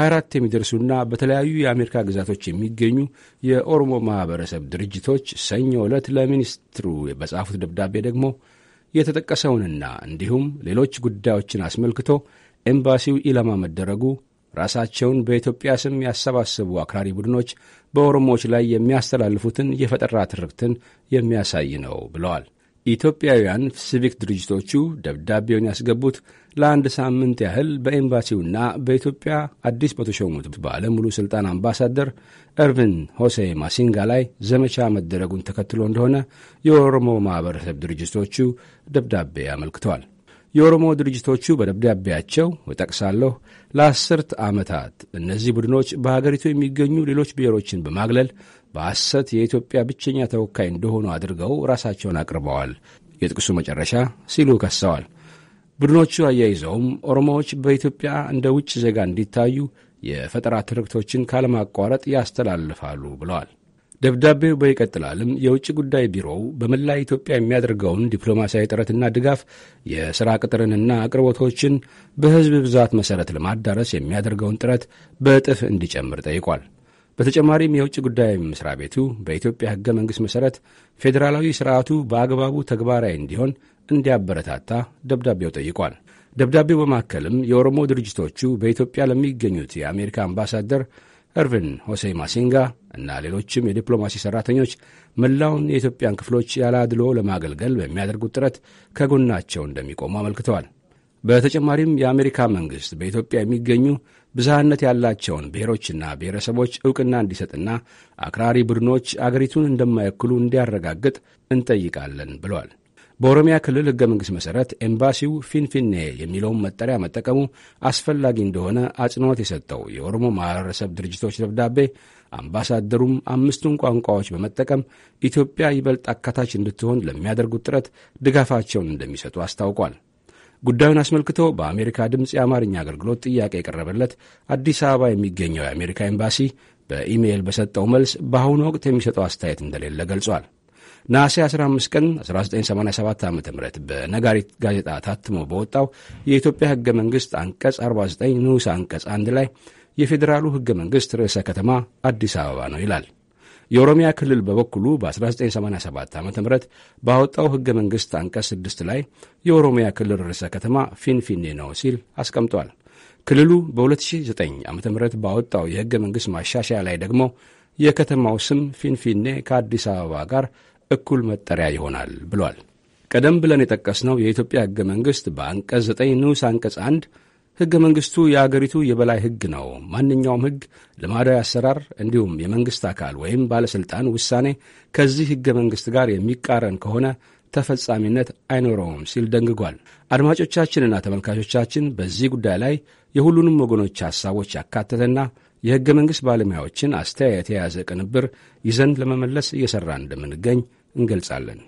24 የሚደርሱና በተለያዩ የአሜሪካ ግዛቶች የሚገኙ የኦሮሞ ማኅበረሰብ ድርጅቶች ሰኞ ዕለት ለሚኒስትሩ በጻፉት ደብዳቤ ደግሞ የተጠቀሰውንና እንዲሁም ሌሎች ጉዳዮችን አስመልክቶ ኤምባሲው ኢላማ መደረጉ ራሳቸውን በኢትዮጵያ ስም ያሰባሰቡ አክራሪ ቡድኖች በኦሮሞዎች ላይ የሚያስተላልፉትን የፈጠራ ትርክትን የሚያሳይ ነው ብለዋል። ኢትዮጵያውያን ሲቪክ ድርጅቶቹ ደብዳቤውን ያስገቡት ለአንድ ሳምንት ያህል በኤምባሲውና በኢትዮጵያ አዲስ በተሾሙት ባለሙሉ ሥልጣን አምባሳደር እርቪን ሆሴ ማሲንጋ ላይ ዘመቻ መደረጉን ተከትሎ እንደሆነ የኦሮሞ ማኅበረሰብ ድርጅቶቹ ደብዳቤ አመልክተዋል። የኦሮሞ ድርጅቶቹ በደብዳቤያቸው እጠቅሳለሁ ለአስርት ዓመታት እነዚህ ቡድኖች በሀገሪቱ የሚገኙ ሌሎች ብሔሮችን በማግለል በሐሰት የኢትዮጵያ ብቸኛ ተወካይ እንደሆኑ አድርገው ራሳቸውን አቅርበዋል፣ የጥቅሱ መጨረሻ ሲሉ ከሰዋል። ቡድኖቹ አያይዘውም ኦሮሞዎች በኢትዮጵያ እንደ ውጭ ዜጋ እንዲታዩ የፈጠራ ትርክቶችን ካለማቋረጥ ያስተላልፋሉ ብለዋል። ደብዳቤው በይቀጥላልም የውጭ ጉዳይ ቢሮው በመላ ኢትዮጵያ የሚያደርገውን ዲፕሎማሲያዊ ጥረትና ድጋፍ የሥራ ቅጥርንና አቅርቦቶችን በሕዝብ ብዛት መሠረት ለማዳረስ የሚያደርገውን ጥረት በእጥፍ እንዲጨምር ጠይቋል። በተጨማሪም የውጭ ጉዳይ መሥሪያ ቤቱ በኢትዮጵያ ሕገ መንግሥት መሠረት ፌዴራላዊ ሥርዓቱ በአግባቡ ተግባራዊ እንዲሆን እንዲያበረታታ ደብዳቤው ጠይቋል። ደብዳቤው በማከልም የኦሮሞ ድርጅቶቹ በኢትዮጵያ ለሚገኙት የአሜሪካ አምባሳደር እርቪን ሆሴ ማሲንጋ እና ሌሎችም የዲፕሎማሲ ሠራተኞች መላውን የኢትዮጵያን ክፍሎች ያለ አድሎ ለማገልገል በሚያደርጉት ጥረት ከጎናቸው እንደሚቆሙ አመልክተዋል። በተጨማሪም የአሜሪካ መንግሥት በኢትዮጵያ የሚገኙ ብዝሃነት ያላቸውን ብሔሮችና ብሔረሰቦች ዕውቅና እንዲሰጥና አክራሪ ቡድኖች አገሪቱን እንደማይወክሉ እንዲያረጋግጥ እንጠይቃለን ብለዋል። በኦሮሚያ ክልል ሕገ መንግሥት መሠረት ኤምባሲው ፊንፊኔ የሚለውን መጠሪያ መጠቀሙ አስፈላጊ እንደሆነ አጽንዖት የሰጠው የኦሮሞ ማኅበረሰብ ድርጅቶች ደብዳቤ አምባሳደሩም አምስቱን ቋንቋዎች በመጠቀም ኢትዮጵያ ይበልጥ አካታች እንድትሆን ለሚያደርጉት ጥረት ድጋፋቸውን እንደሚሰጡ አስታውቋል። ጉዳዩን አስመልክቶ በአሜሪካ ድምፅ የአማርኛ አገልግሎት ጥያቄ የቀረበለት አዲስ አበባ የሚገኘው የአሜሪካ ኤምባሲ በኢሜይል በሰጠው መልስ በአሁኑ ወቅት የሚሰጠው አስተያየት እንደሌለ ገልጿል። ነሐሴ 15 ቀን 1987 ዓ ም በነጋሪት ጋዜጣ ታትሞ በወጣው የኢትዮጵያ ሕገ መንግሥት አንቀጽ 49 ንዑስ አንቀጽ 1 ላይ የፌዴራሉ ሕገ መንግሥት ርዕሰ ከተማ አዲስ አበባ ነው ይላል። የኦሮሚያ ክልል በበኩሉ በ1987 ዓ ም ባወጣው ሕገ መንግሥት አንቀጽ 6 ላይ የኦሮሚያ ክልል ርዕሰ ከተማ ፊንፊኔ ነው ሲል አስቀምጧል። ክልሉ በ2009 ዓ ም ባወጣው የህገ መንግሥት ማሻሻያ ላይ ደግሞ የከተማው ስም ፊንፊኔ ከአዲስ አበባ ጋር እኩል መጠሪያ ይሆናል ብሏል። ቀደም ብለን የጠቀስነው የኢትዮጵያ ህገ መንግሥት በአንቀጽ 9 ንዑስ አንቀጽ 1 ሕገ መንግሥቱ የአገሪቱ የበላይ ሕግ ነው። ማንኛውም ሕግ፣ ልማዳዊ አሰራር፣ እንዲሁም የመንግሥት አካል ወይም ባለሥልጣን ውሳኔ ከዚህ ሕገ መንግሥት ጋር የሚቃረን ከሆነ ተፈጻሚነት አይኖረውም ሲል ደንግጓል። አድማጮቻችንና ተመልካቾቻችን በዚህ ጉዳይ ላይ የሁሉንም ወገኖች ሐሳቦች ያካተተና የሕገ መንግሥት ባለሙያዎችን አስተያየት የያዘ ቅንብር ይዘን ለመመለስ እየሠራ እንደምንገኝ እንገልጻለን።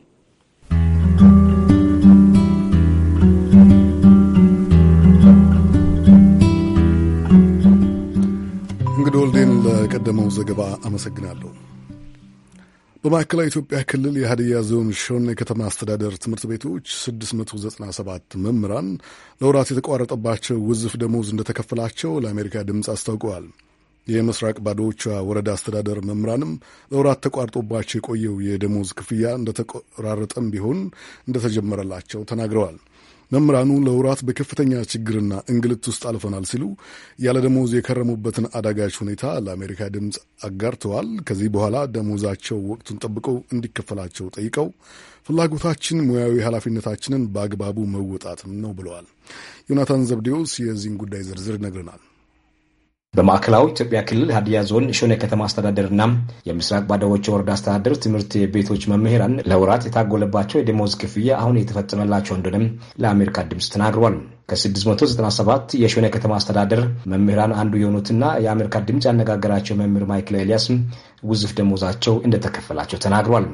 እንግዲህ ወልዴን ለቀደመው ዘገባ አመሰግናለሁ። በማዕከላዊ ኢትዮጵያ ክልል የሀዲያ ዞን ሾን የከተማ አስተዳደር ትምህርት ቤቶች 697 መምህራን ለወራት የተቋረጠባቸው ውዝፍ ደሞዝ እንደተከፈላቸው ለአሜሪካ ድምፅ አስታውቀዋል። የምስራቅ ባዶዎቿ ወረዳ አስተዳደር መምህራንም ለወራት ተቋርጦባቸው የቆየው የደሞዝ ክፍያ እንደተቆራረጠም ቢሆን እንደተጀመረላቸው ተናግረዋል። መምህራኑ ለውራት በከፍተኛ ችግርና እንግልት ውስጥ አልፈናል ሲሉ ያለ ደሞዝ የከረሙበትን አዳጋች ሁኔታ ለአሜሪካ ድምፅ አጋርተዋል። ከዚህ በኋላ ደሞዛቸው ወቅቱን ጠብቀው እንዲከፈላቸው ጠይቀው ፍላጎታችን ሙያዊ ኃላፊነታችንን በአግባቡ መወጣት ነው ብለዋል። ዮናታን ዘብዴዎስ የዚህን ጉዳይ ዝርዝር ይነግረናል። በማዕከላዊ ኢትዮጵያ ክልል ሀዲያ ዞን ሾኔ ከተማ አስተዳደርና የምስራቅ ባደዎች ወረዳ አስተዳደር ትምህርት ቤቶች መምህራን ለውራት የታጎለባቸው የደሞዝ ክፍያ አሁን የተፈጸመላቸው እንደሆነም ለአሜሪካ ድምፅ ተናግሯል። ከ697 የሾኔ ከተማ አስተዳደር መምህራን አንዱ የሆኑትና የአሜሪካ ድምፅ ያነጋገራቸው መምህር ማይክል ኤልያስ ውዝፍ ደሞዛቸው እንደተከፈላቸው ተናግሯል።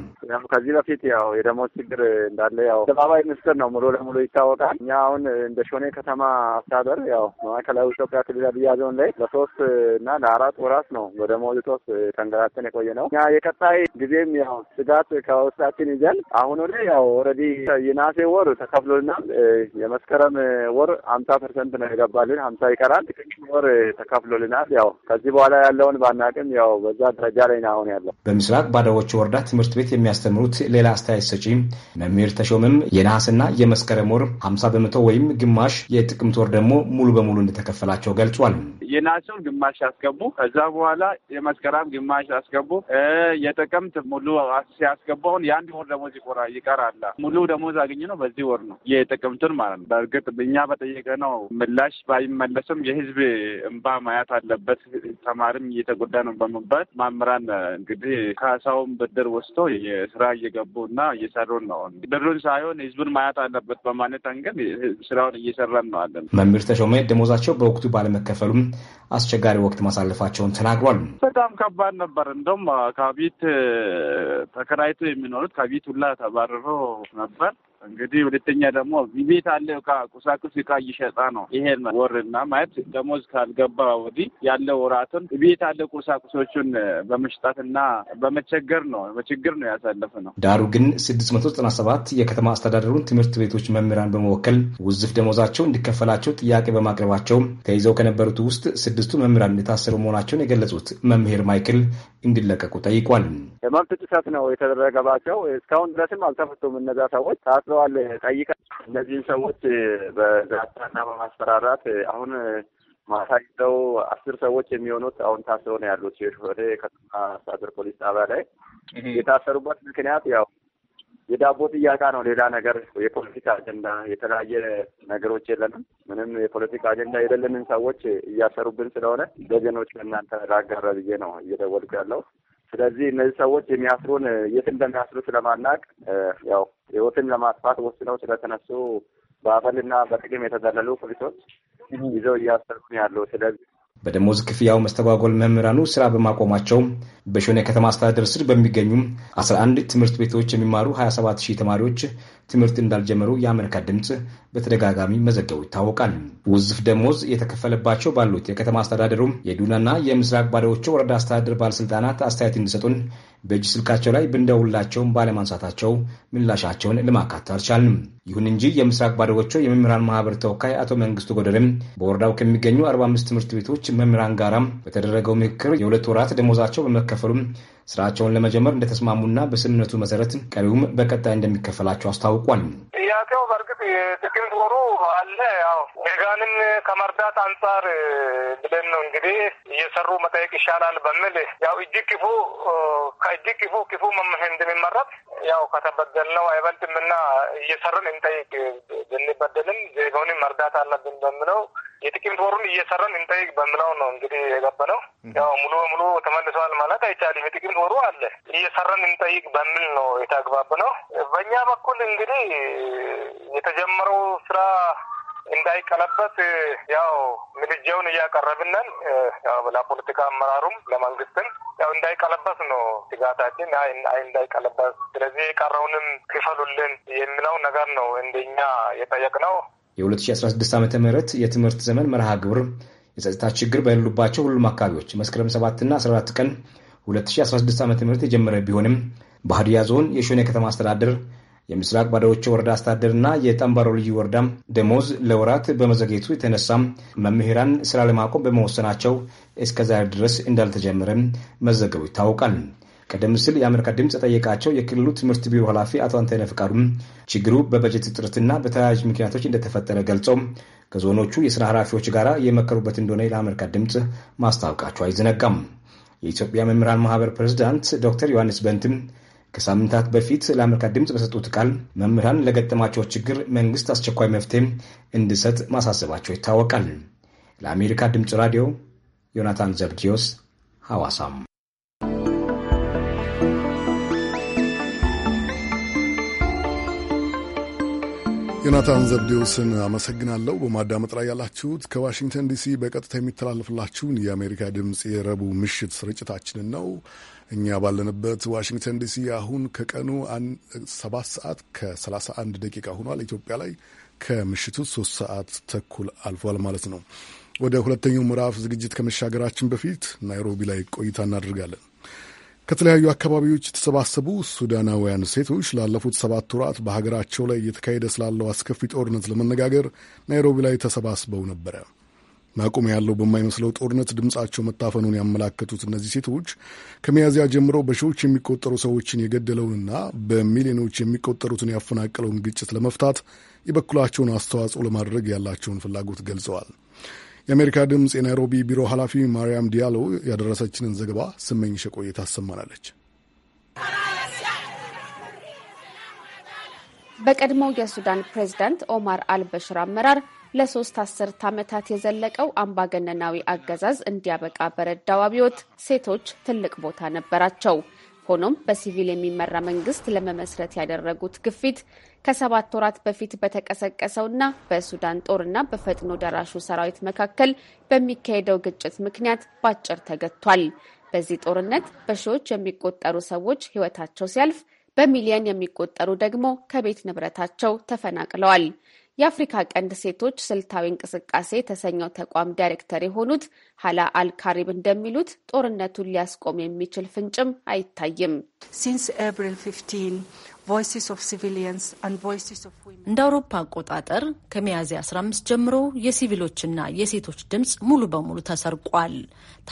ከዚህ በፊት ያው የደሞዝ ችግር እንዳለ ያው አደባባይ ምስጢር ነው፣ ሙሉ ለሙሉ ይታወቃል። እኛ አሁን እንደ ሾኔ ከተማ አስተዳደር ያው ማዕከላዊ ኢትዮጵያ ክልል ሀዲያ ዞን ላይ ለሶስት እና ለአራት ወራት ነው በደሞዝ እጦት ተንገላተን የቆየ ነው። እኛ የቀጣይ ጊዜም ያው ስጋት ከውስጣችን ይዘን አሁኑ ላይ ያው ኦልሬዲ የነሐሴ ወር ተከፍሎልናል። የመስከረም ወር ወር ሀምሳ ፐርሰንት ነው የገባልን፣ ሀምሳ ይቀራል። ጥቅምት ወር ተከፍሎልናል። ያው ከዚህ በኋላ ያለውን ባናቅም ያው በዛ ደረጃ ላይ ነው አሁን ያለው። በምስራቅ ባደዎች ወረዳ ትምህርት ቤት የሚያስተምሩት ሌላ አስተያየት ሰጪ መምህር ተሾምም የነሐስና የመስከረም ወር ሀምሳ በመቶ ወይም ግማሽ፣ የጥቅምት ወር ደግሞ ሙሉ በሙሉ እንደተከፈላቸው ገልጿል። የነሐሱን ግማሽ ያስገቡ፣ ከዛ በኋላ የመስከረም ግማሽ ያስገቡ፣ የጥቅምት ሙሉ ሲያስገቡ አሁን የአንድ ወር ደሞዝ ይቀራል። ሙሉ ደሞዝ አገኘ ነው በዚህ ወር ነው የጥቅምትን ማለት ነው በእርግጥ እኛ በተጠየቀ ነው ምላሽ ባይመለስም የህዝብ እንባ ማየት አለበት፣ ተማሪም እየተጎዳ ነው በመባል መምህራን እንግዲህ ካሳውን ብድር ወስቶ ስራ እየገቡ እና እየሰሩን ነው። ብድሩን ሳይሆን ህዝቡን ማየት አለበት በማለት አንገን ስራውን እየሰራን ነው አለን። መምህር ተሾመ ደሞዛቸው በወቅቱ ባለመከፈሉም አስቸጋሪ ወቅት ማሳለፋቸውን ተናግሯል። በጣም ከባድ ነበር። እንደውም ከቤት ተከራይቶ የሚኖሩት ከቤት ሁላ ተባርሮ ነበር እንግዲህ ሁለተኛ ደግሞ ቤት አለ ቁሳቁስ እቃ እየሸጣ ነው። ይሄን ወርና ማለት ደሞዝ ካልገባ ወዲህ ያለው ወራትን ቤት አለ ቁሳቁሶቹን በመሽጣትና በመቸገር ነው በችግር ነው ያሳለፍ ነው። ዳሩ ግን ሰባት የከተማ አስተዳደሩን ትምህርት ቤቶች መምህራን በመወከል ውዝፍ ደሞዛቸው እንዲከፈላቸው ጥያቄ በማቅረባቸው ተይዘው ከነበሩት ውስጥ ስድስቱ መምህራን እንደታሰሩ መሆናቸውን የገለጹት መምህር ማይክል እንዲለቀቁ ጠይቋል። የመብት ጥሰት ነው የተደረገባቸው። እስካሁን ድረስም አልተፈቱም። እነዛ ሰዎች ወስደዋል ጠይቀ እነዚህን ሰዎች በዛቻና በማስፈራራት አሁን ማሳይተው አስር ሰዎች የሚሆኑት አሁን ታስረው ነው ያሉት። የሾፌ ከተማ አስተዳደር ፖሊስ ጣቢያ ላይ የታሰሩበት ምክንያት ያው የዳቦ ጥያቄ ነው። ሌላ ነገር የፖለቲካ አጀንዳ የተለያየ ነገሮች የለንም። ምንም የፖለቲካ አጀንዳ የሌለንን ሰዎች እያሰሩብን ስለሆነ ደጀኖች ከእናንተ ላጋራ ብዬ ነው እየደወልኩ ያለው። ስለዚህ እነዚህ ሰዎች የሚያስሩን የት እንደሚያስሩ ስለማናቅ ያው ህይወትን ለማጥፋት ወስነው ስለተነሱ በአፈልና በጥቅም የተዘለሉ ፖሊሶች ይዘው እያሰሩ ያለው። ስለዚህ በደሞዝ ክፍያው መስተጓጎል መምህራኑ ስራ በማቆማቸው በሾኔ ከተማ አስተዳደር ስር በሚገኙ 11 ትምህርት ቤቶች የሚማሩ 27 ሺህ ተማሪዎች ትምህርት እንዳልጀመሩ የአሜሪካ ድምፅ በተደጋጋሚ መዘገቡ ይታወቃል። ውዝፍ ደሞዝ የተከፈለባቸው ባሉት የከተማ አስተዳደሩም የዱናና የምስራቅ ባዶዎቹ ወረዳ አስተዳደር ባለስልጣናት አስተያየት እንዲሰጡን በእጅ ስልካቸው ላይ ብንደውላቸውም ባለማንሳታቸው ምላሻቸውን ልማካት አልቻልንም። ይሁን እንጂ የምስራቅ ባዶዎቹ የመምህራን ማህበር ተወካይ አቶ መንግስቱ ጎደርም በወረዳው ከሚገኙ 45 ትምህርት ቤቶች መምህራን ጋራም በተደረገው ምክክር የሁለት ወራት ደሞዛቸው በመከፈሉም ስራቸውን ለመጀመር እንደተስማሙና በስምምነቱ መሰረት ቀሪውም በቀጣይ እንደሚከፈላቸው አስታውቋል። ጥያቄው በእርግጥ የጥቅምት ወሩ አለ ያው ሜጋንን ከመርዳት አንጻር ብለን ነው እንግዲህ እየሰሩ መጠየቅ ይሻላል በሚል ያው እጅግ ክፉ ከእጅግ ክፉ ክፉ መምህ እንደሚመረት ያው ከተበደልነው አይበልጥም እና እየሰራን እንጠይቅ፣ ብንበደልም ዜጋውንም መርዳት አለብን በምለው የጥቅምት ወሩን እየሰራን እንጠይቅ በምለው ነው እንግዲህ የገባነው። ያው ሙሉ በሙሉ ተመልሰዋል ማለት አይቻልም። የጥቅምት ወሩ አለ እየሰራን እንጠይቅ በሚል ነው የተግባብ ነው። በእኛ በኩል እንግዲህ የተጀመረው ስራ እንዳይቀለበት ያው ምድጃውን እያቀረብነን ለፖለቲካ አመራሩም ለመንግስትም ያው እንዳይቀለበት ነው ስጋታችን። አይ እንዳይቀለበት፣ ስለዚህ የቀረውንም ክፈሉልን የሚለው ነገር ነው እንደኛ የጠየቅነው። የ2016 ዓ ም የትምህርት ዘመን መርሃ ግብር የጸጥታ ችግር በሌሉባቸው ሁሉም አካባቢዎች መስከረም 7ና 14 ቀን 2016 ዓ ም የጀመረ ቢሆንም በሀዲያ ዞን የሾኔ ከተማ አስተዳደር የምስራቅ ባዳዎቹ ወረዳ አስተዳደርና የጠንባሮ ልዩ ወረዳ ደሞዝ ለወራት በመዘግየቱ የተነሳ መምህራን ስራ ለማቆም በመወሰናቸው እስከዛሬ ድረስ እንዳልተጀመረም መዘገቡ ይታወቃል። ቀደም ሲል የአሜሪካ ድምፅ ጠየቃቸው የክልሉ ትምህርት ቢሮ ኃላፊ አቶ አንተነ ፍቃዱም ችግሩ በበጀት እጥረትና በተለያዩ ምክንያቶች እንደተፈጠረ ገልጸው ከዞኖቹ የስራ ኃላፊዎች ጋር የመከሩበት እንደሆነ ለአሜሪካ ድምፅ ማስታወቃቸው አይዘነጋም። የኢትዮጵያ መምህራን ማህበር ፕሬዚዳንት ዶክተር ዮሐንስ በንትም ከሳምንታት በፊት ለአሜሪካ ድምፅ በሰጡት ቃል መምህራን ለገጠማቸው ችግር መንግስት አስቸኳይ መፍትሄ እንዲሰጥ ማሳሰባቸው ይታወቃል። ለአሜሪካ ድምፅ ራዲዮ ዮናታን ዘብዲዮስ ሐዋሳም ዮናታን ዘብዴዎስን አመሰግናለሁ። በማዳመጥ ላይ ያላችሁት ከዋሽንግተን ዲሲ በቀጥታ የሚተላለፍላችሁን የአሜሪካ ድምፅ የረቡዕ ምሽት ስርጭታችንን ነው። እኛ ባለንበት ዋሽንግተን ዲሲ አሁን ከቀኑ ሰባት ሰዓት ከ31 ደቂቃ ሆኗል። ኢትዮጵያ ላይ ከምሽቱ ሶስት ሰዓት ተኩል አልፏል ማለት ነው። ወደ ሁለተኛው ምዕራፍ ዝግጅት ከመሻገራችን በፊት ናይሮቢ ላይ ቆይታ እናደርጋለን። ከተለያዩ አካባቢዎች የተሰባሰቡ ሱዳናውያን ሴቶች ላለፉት ሰባት ወራት በሀገራቸው ላይ እየተካሄደ ስላለው አስከፊ ጦርነት ለመነጋገር ናይሮቢ ላይ ተሰባስበው ነበረ። ማቆም ያለው በማይመስለው ጦርነት ድምፃቸው መታፈኑን ያመላከቱት እነዚህ ሴቶች ከሚያዝያ ጀምሮ በሺዎች የሚቆጠሩ ሰዎችን የገደለውንና በሚሊዮኖች የሚቆጠሩትን ያፈናቀለውን ግጭት ለመፍታት የበኩላቸውን አስተዋጽኦ ለማድረግ ያላቸውን ፍላጎት ገልጸዋል። የአሜሪካ ድምፅ የናይሮቢ ቢሮ ኃላፊ ማርያም ዲያሎ ያደረሰችንን ዘገባ ስመኝሽ ቆይታ ታሰማናለች። በቀድሞው የሱዳን ፕሬዝዳንት ኦማር አልበሽር አመራር ለሶስት አስርት ዓመታት የዘለቀው አምባገነናዊ አገዛዝ እንዲያበቃ በረዳው አብዮት ሴቶች ትልቅ ቦታ ነበራቸው። ሆኖም በሲቪል የሚመራ መንግስት ለመመስረት ያደረጉት ግፊት ከሰባት ወራት በፊት በተቀሰቀሰውና በሱዳን ጦርና በፈጥኖ ደራሹ ሰራዊት መካከል በሚካሄደው ግጭት ምክንያት በአጭር ተገቷል። በዚህ ጦርነት በሺዎች የሚቆጠሩ ሰዎች ሕይወታቸው ሲያልፍ በሚሊየን የሚቆጠሩ ደግሞ ከቤት ንብረታቸው ተፈናቅለዋል። የአፍሪካ ቀንድ ሴቶች ስልታዊ እንቅስቃሴ የተሰኘው ተቋም ዳይሬክተር የሆኑት ሀላ አልካሪብ እንደሚሉት ጦርነቱን ሊያስቆም የሚችል ፍንጭም አይታይም። እንደ አውሮፓ አቆጣጠር ከሚያዝያ 15 ጀምሮ የሲቪሎችና የሴቶች ድምፅ ሙሉ በሙሉ ተሰርቋል።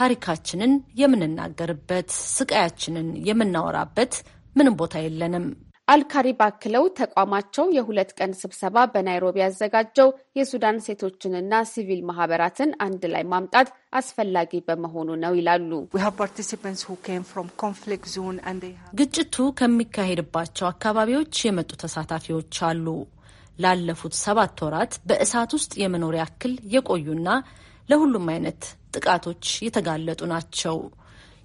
ታሪካችንን የምንናገርበት፣ ስቃያችንን የምናወራበት ምንም ቦታ የለንም። አልካሪብ አክለው ተቋማቸው የሁለት ቀን ስብሰባ በናይሮቢ ያዘጋጀው የሱዳን ሴቶችንና ሲቪል ማህበራትን አንድ ላይ ማምጣት አስፈላጊ በመሆኑ ነው ይላሉ። ግጭቱ ከሚካሄድባቸው አካባቢዎች የመጡ ተሳታፊዎች አሉ። ላለፉት ሰባት ወራት በእሳት ውስጥ የመኖር ያክል የቆዩና ለሁሉም አይነት ጥቃቶች የተጋለጡ ናቸው።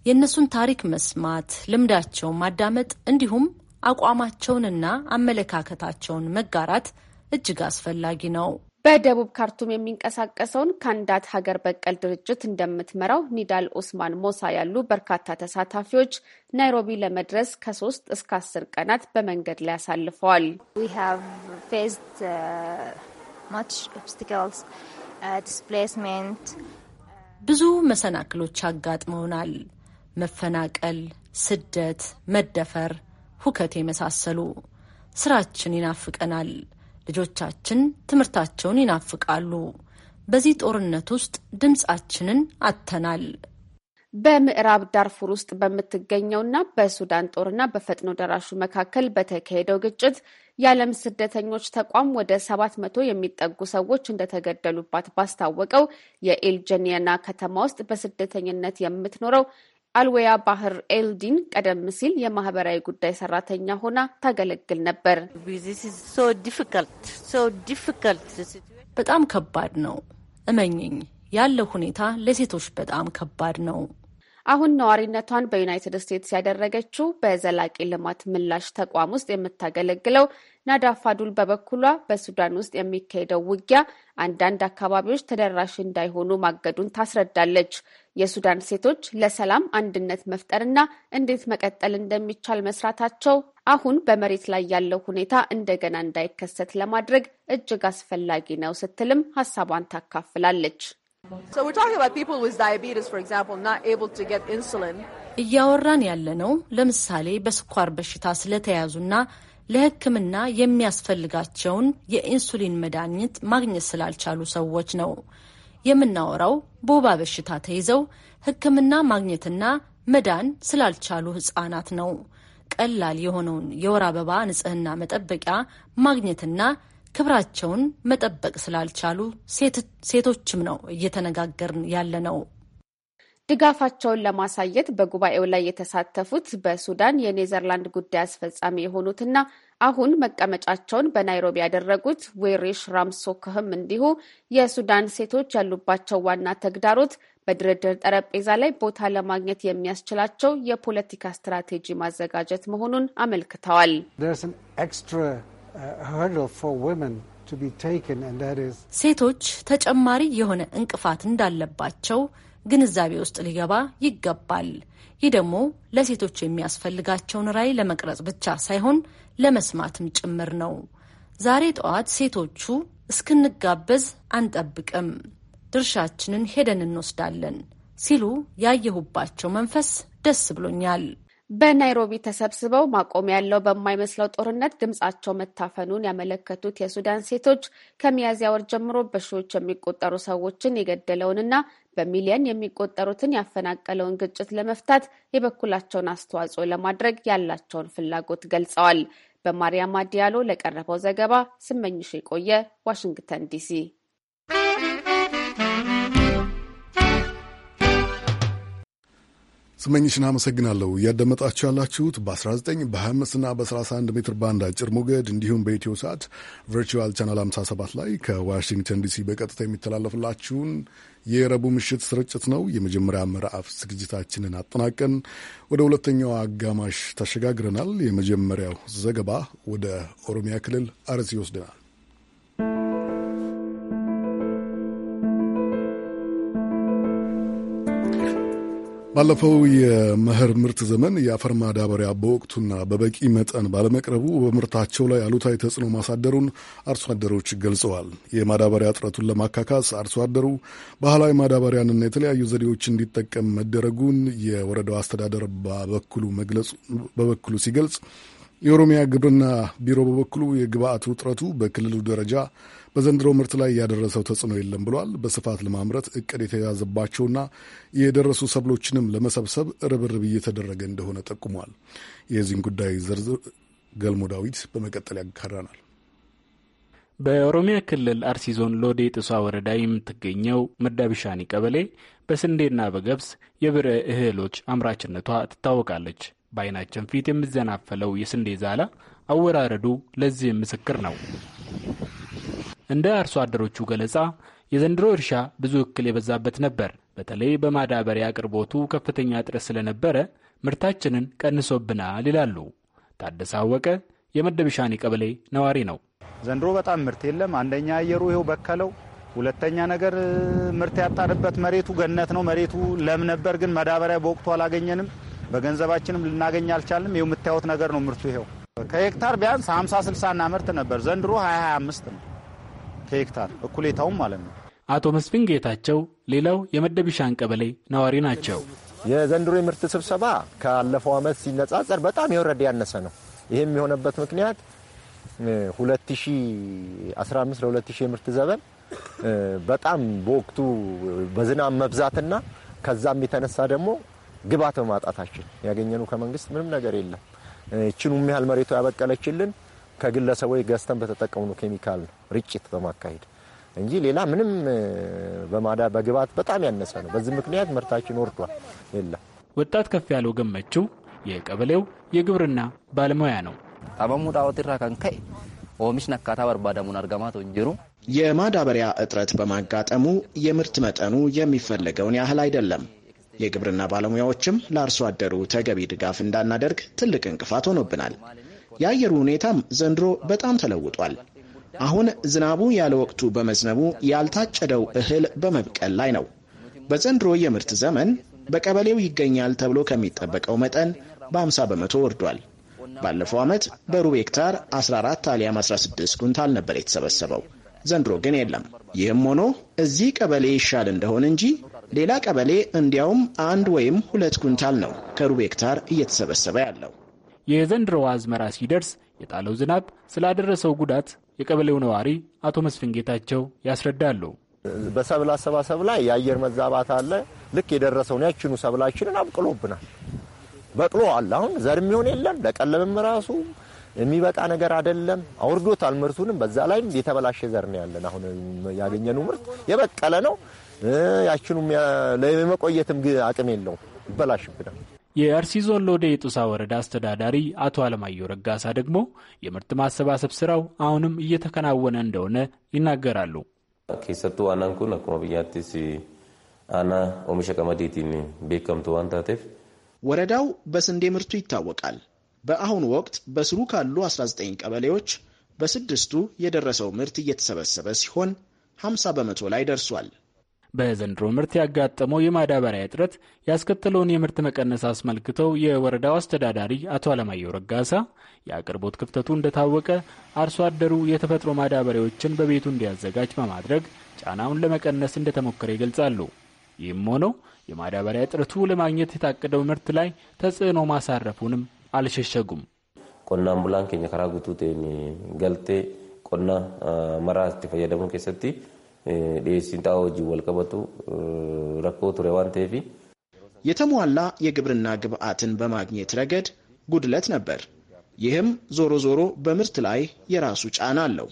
የእነሱን ታሪክ መስማት፣ ልምዳቸውን ማዳመጥ እንዲሁም አቋማቸውንና አመለካከታቸውን መጋራት እጅግ አስፈላጊ ነው። በደቡብ ካርቱም የሚንቀሳቀሰውን ከአንዳት ሀገር በቀል ድርጅት እንደምትመራው ኒዳል ኦስማን ሞሳ ያሉ በርካታ ተሳታፊዎች ናይሮቢ ለመድረስ ከሶስት እስከ አስር ቀናት በመንገድ ላይ አሳልፈዋል። uh, uh, ብዙ መሰናክሎች አጋጥመውናል። መፈናቀል፣ ስደት፣ መደፈር ሁከት የመሳሰሉ ስራችን ይናፍቀናል። ልጆቻችን ትምህርታቸውን ይናፍቃሉ። በዚህ ጦርነት ውስጥ ድምፃችንን አጥተናል። በምዕራብ ዳርፉር ውስጥ በምትገኘውና በሱዳን ጦርና በፈጥኖ ደራሹ መካከል በተካሄደው ግጭት የዓለም ስደተኞች ተቋም ወደ ሰባት መቶ የሚጠጉ ሰዎች እንደተገደሉባት ባስታወቀው የኤልጀኒያና ከተማ ውስጥ በስደተኝነት የምትኖረው አልዌያ ባህር ኤልዲን ቀደም ሲል የማህበራዊ ጉዳይ ሰራተኛ ሆና ታገለግል ነበር። በጣም ከባድ ነው። እመኝኝ፣ ያለው ሁኔታ ለሴቶች በጣም ከባድ ነው። አሁን ነዋሪነቷን በዩናይትድ ስቴትስ ያደረገችው በዘላቂ ልማት ምላሽ ተቋም ውስጥ የምታገለግለው ናዳፋ ዱል በበኩሏ በሱዳን ውስጥ የሚካሄደው ውጊያ አንዳንድ አካባቢዎች ተደራሽ እንዳይሆኑ ማገዱን ታስረዳለች። የሱዳን ሴቶች ለሰላም አንድነት መፍጠርና እንዴት መቀጠል እንደሚቻል መስራታቸው አሁን በመሬት ላይ ያለው ሁኔታ እንደገና እንዳይከሰት ለማድረግ እጅግ አስፈላጊ ነው ስትልም ሀሳቧን ታካፍላለች። እያወራን ያለነው ለምሳሌ በስኳር በሽታ ስለተያዙና ለሕክምና የሚያስፈልጋቸውን የኢንሱሊን መድኃኒት ማግኘት ስላልቻሉ ሰዎች ነው። የምናወራው በወባ በሽታ ተይዘው ሕክምና ማግኘትና መዳን ስላልቻሉ ህጻናት ነው። ቀላል የሆነውን የወር አበባ ንጽህና መጠበቂያ ማግኘትና ክብራቸውን መጠበቅ ስላልቻሉ ሴቶችም ነው እየተነጋገርን ያለ ነው። ድጋፋቸውን ለማሳየት በጉባኤው ላይ የተሳተፉት በሱዳን የኔዘርላንድ ጉዳይ አስፈጻሚ የሆኑትና አሁን መቀመጫቸውን በናይሮቢ ያደረጉት ዌሬሽ ራምሶክህም እንዲሁ የሱዳን ሴቶች ያሉባቸው ዋና ተግዳሮት በድርድር ጠረጴዛ ላይ ቦታ ለማግኘት የሚያስችላቸው የፖለቲካ ስትራቴጂ ማዘጋጀት መሆኑን አመልክተዋል። uh, ሴቶች ተጨማሪ የሆነ እንቅፋት እንዳለባቸው ግንዛቤ ውስጥ ሊገባ ይገባል። ይህ ደግሞ ለሴቶች የሚያስፈልጋቸውን ራዕይ ለመቅረጽ ብቻ ሳይሆን ለመስማትም ጭምር ነው። ዛሬ ጠዋት ሴቶቹ እስክንጋበዝ አንጠብቅም፣ ድርሻችንን ሄደን እንወስዳለን ሲሉ ያየሁባቸው መንፈስ ደስ ብሎኛል። በናይሮቢ ተሰብስበው ማቆም ያለው በማይመስለው ጦርነት ድምጻቸው መታፈኑን ያመለከቱት የሱዳን ሴቶች ከሚያዝያ ወር ጀምሮ በሺዎች የሚቆጠሩ ሰዎችን የገደለውንና በሚሊየን የሚቆጠሩትን ያፈናቀለውን ግጭት ለመፍታት የበኩላቸውን አስተዋጽኦ ለማድረግ ያላቸውን ፍላጎት ገልጸዋል። በማርያም አዲያሎ ለቀረበው ዘገባ ስመኝሽ የቆየ ዋሽንግተን ዲሲ። ስመኝሽን አመሰግናለሁ። እያዳመጣችሁ ያላችሁት በ19 በ25ና በ31 ሜትር ባንድ አጭር ሞገድ እንዲሁም በኢትዮ ሰዓት ቨርቹዋል ቻናል 57 ላይ ከዋሽንግተን ዲሲ በቀጥታ የሚተላለፍላችሁን የረቡዕ ምሽት ስርጭት ነው። የመጀመሪያ ምዕራፍ ዝግጅታችንን አጠናቀን ወደ ሁለተኛው አጋማሽ ተሸጋግረናል። የመጀመሪያው ዘገባ ወደ ኦሮሚያ ክልል አርሲ ይወስደናል። ባለፈው የመኸር ምርት ዘመን የአፈር ማዳበሪያ በወቅቱና በበቂ መጠን ባለመቅረቡ በምርታቸው ላይ አሉታዊ ተጽዕኖ ማሳደሩን አርሶ አደሮች ገልጸዋል። የማዳበሪያ እጥረቱን ለማካካስ አርሶ አደሩ ባህላዊ ማዳበሪያንና የተለያዩ ዘዴዎች እንዲጠቀም መደረጉን የወረዳው አስተዳደር በበኩሉ ሲገልጽ የኦሮሚያ ግብርና ቢሮ በበኩሉ የግብአት ውጥረቱ በክልሉ ደረጃ በዘንድሮ ምርት ላይ ያደረሰው ተጽዕኖ የለም ብሏል። በስፋት ለማምረት እቅድ የተያዘባቸውና የደረሱ ሰብሎችንም ለመሰብሰብ ርብርብ እየተደረገ እንደሆነ ጠቁሟል። የዚህን ጉዳይ ዝርዝር ገልሞ ዳዊት በመቀጠል ያጋራናል። በኦሮሚያ ክልል አርሲ ዞን ሎዴ ጥሷ ወረዳ የምትገኘው መዳቢሻኒ ቀበሌ በስንዴና በገብስ የብረ እህሎች አምራችነቷ ትታወቃለች። በአይናችን ፊት የሚዘናፈለው የስንዴ ዛላ አወራረዱ ለዚህ ምስክር ነው። እንደ አርሶ አደሮቹ ገለጻ የዘንድሮ እርሻ ብዙ እክል የበዛበት ነበር። በተለይ በማዳበሪያ አቅርቦቱ ከፍተኛ እጥረት ስለነበረ ምርታችንን ቀንሶብናል ይላሉ። ታደሰ አወቀ የመደብሻኔ ቀበሌ ነዋሪ ነው። ዘንድሮ በጣም ምርት የለም። አንደኛ አየሩ ይኸው በከለው፣ ሁለተኛ ነገር ምርት ያጣንበት መሬቱ ገነት ነው። መሬቱ ለም ነበር፣ ግን ማዳበሪያ በወቅቱ አላገኘንም። በገንዘባችንም ልናገኝ አልቻልንም። ይኸው የምታዩት ነገር ነው። ምርቱ ይኸው ከሄክታር ቢያንስ 50 60 እናመርት ነበር። ዘንድሮ 25 ነው ከሄክታር እኩሌታውም ማለት ነው። አቶ መስፍን ጌታቸው ሌላው የመደብሻን ቀበሌ ነዋሪ ናቸው። የዘንድሮ የምርት ስብሰባ ካለፈው ዓመት ሲነጻጸር በጣም የወረደ ያነሰ ነው። ይህም የሆነበት ምክንያት 2015 ለ2000 የምርት ዘመን በጣም በወቅቱ በዝናብ መብዛትና ከዛም የተነሳ ደግሞ ግብዓት በማጣታችን ያገኘኑ ከመንግስት ምንም ነገር የለም። ይችኑ ያህል መሬቱ ያበቀለችልን ከግለሰቦች ገዝተን በተጠቀምነው ኬሚካል ርጭት በማካሄድ እንጂ ሌላ ምንም በማዳ በግብዓት በጣም ያነሰ ነው። በዚህ ምክንያት ምርታችን ወርዷል። የለም ወጣት ከፍ ያለው ገመችው የቀበሌው የግብርና ባለሙያ ነው። ጠበሙ ጣወጢራ ከንከይ በርባደሙን አርገማት ወንጀሩ የማዳበሪያ እጥረት በማጋጠሙ የምርት መጠኑ የሚፈለገውን ያህል አይደለም። የግብርና ባለሙያዎችም ለአርሶ አደሩ ተገቢ ድጋፍ እንዳናደርግ ትልቅ እንቅፋት ሆኖብናል። የአየሩ ሁኔታም ዘንድሮ በጣም ተለውጧል። አሁን ዝናቡ ያለ ወቅቱ በመዝነቡ ያልታጨደው እህል በመብቀል ላይ ነው። በዘንድሮ የምርት ዘመን በቀበሌው ይገኛል ተብሎ ከሚጠበቀው መጠን በ50 በመቶ ወርዷል። ባለፈው ዓመት በሩብ ሄክታር 14 አሊያም 16 ኩንታል ነበር የተሰበሰበው። ዘንድሮ ግን የለም። ይህም ሆኖ እዚህ ቀበሌ ይሻል እንደሆን እንጂ ሌላ ቀበሌ እንዲያውም አንድ ወይም ሁለት ኩንታል ነው ከሩብ ሄክታር እየተሰበሰበ ያለው። የዘንድሮ አዝመራ ሲደርስ የጣለው ዝናብ ስላደረሰው ጉዳት የቀበሌው ነዋሪ አቶ መስፍን ጌታቸው ያስረዳሉ። በሰብል አሰባሰብ ላይ የአየር መዛባት አለ። ልክ የደረሰውን ያችኑ ሰብላችንን አብቅሎብናል። በቅሎ አለ። አሁን ዘር የሚሆን የለም። ለቀለምም ራሱ የሚበቃ ነገር አይደለም። አውርዶታል ምርቱንም። በዛ ላይም የተበላሸ ዘር ነው ያለን። አሁን ያገኘነው ምርት የበቀለ ነው ያችኑም ለመቆየትም አቅም የለው ይበላሽብናል። የአርሲ ዞን ሎዴ የጡሳ ወረዳ አስተዳዳሪ አቶ አለማየሁ ረጋሳ ደግሞ የምርት ማሰባሰብ ስራው አሁንም እየተከናወነ እንደሆነ ይናገራሉ። ኬሰቱ አናንኩን አኩማ ብያት አና ኦሚሸ ቀመዴቲን ቤከምቱ ዋን ወረዳው በስንዴ ምርቱ ይታወቃል። በአሁኑ ወቅት በስሩ ካሉ 19 ቀበሌዎች በስድስቱ የደረሰው ምርት እየተሰበሰበ ሲሆን 50 በመቶ ላይ ደርሷል። በዘንድሮ ምርት ያጋጠመው የማዳበሪያ እጥረት ያስከተለውን የምርት መቀነስ አስመልክተው የወረዳው አስተዳዳሪ አቶ አለማየሁ ረጋሳ የአቅርቦት ክፍተቱ እንደታወቀ አርሶ አደሩ የተፈጥሮ ማዳበሪያዎችን በቤቱ እንዲያዘጋጅ በማድረግ ጫናውን ለመቀነስ እንደተሞከረ ይገልጻሉ። ይህም ሆኖ የማዳበሪያ እጥረቱ ለማግኘት የታቀደው ምርት ላይ ተጽዕኖ ማሳረፉንም አልሸሸጉም። ቆና ቡላን ኬኛ ከራ ገልቴ ቆና መራ ቲ ኬሰቲ dhiyeessiin xaa'oo wajjin wal qabatu rakkoo ture waan ta'eef የተሟላ የግብርና ግብዓትን በማግኘት ረገድ ጉድለት ነበር። ይህም ዞሮ ዞሮ በምርት ላይ የራሱ ጫና አለው።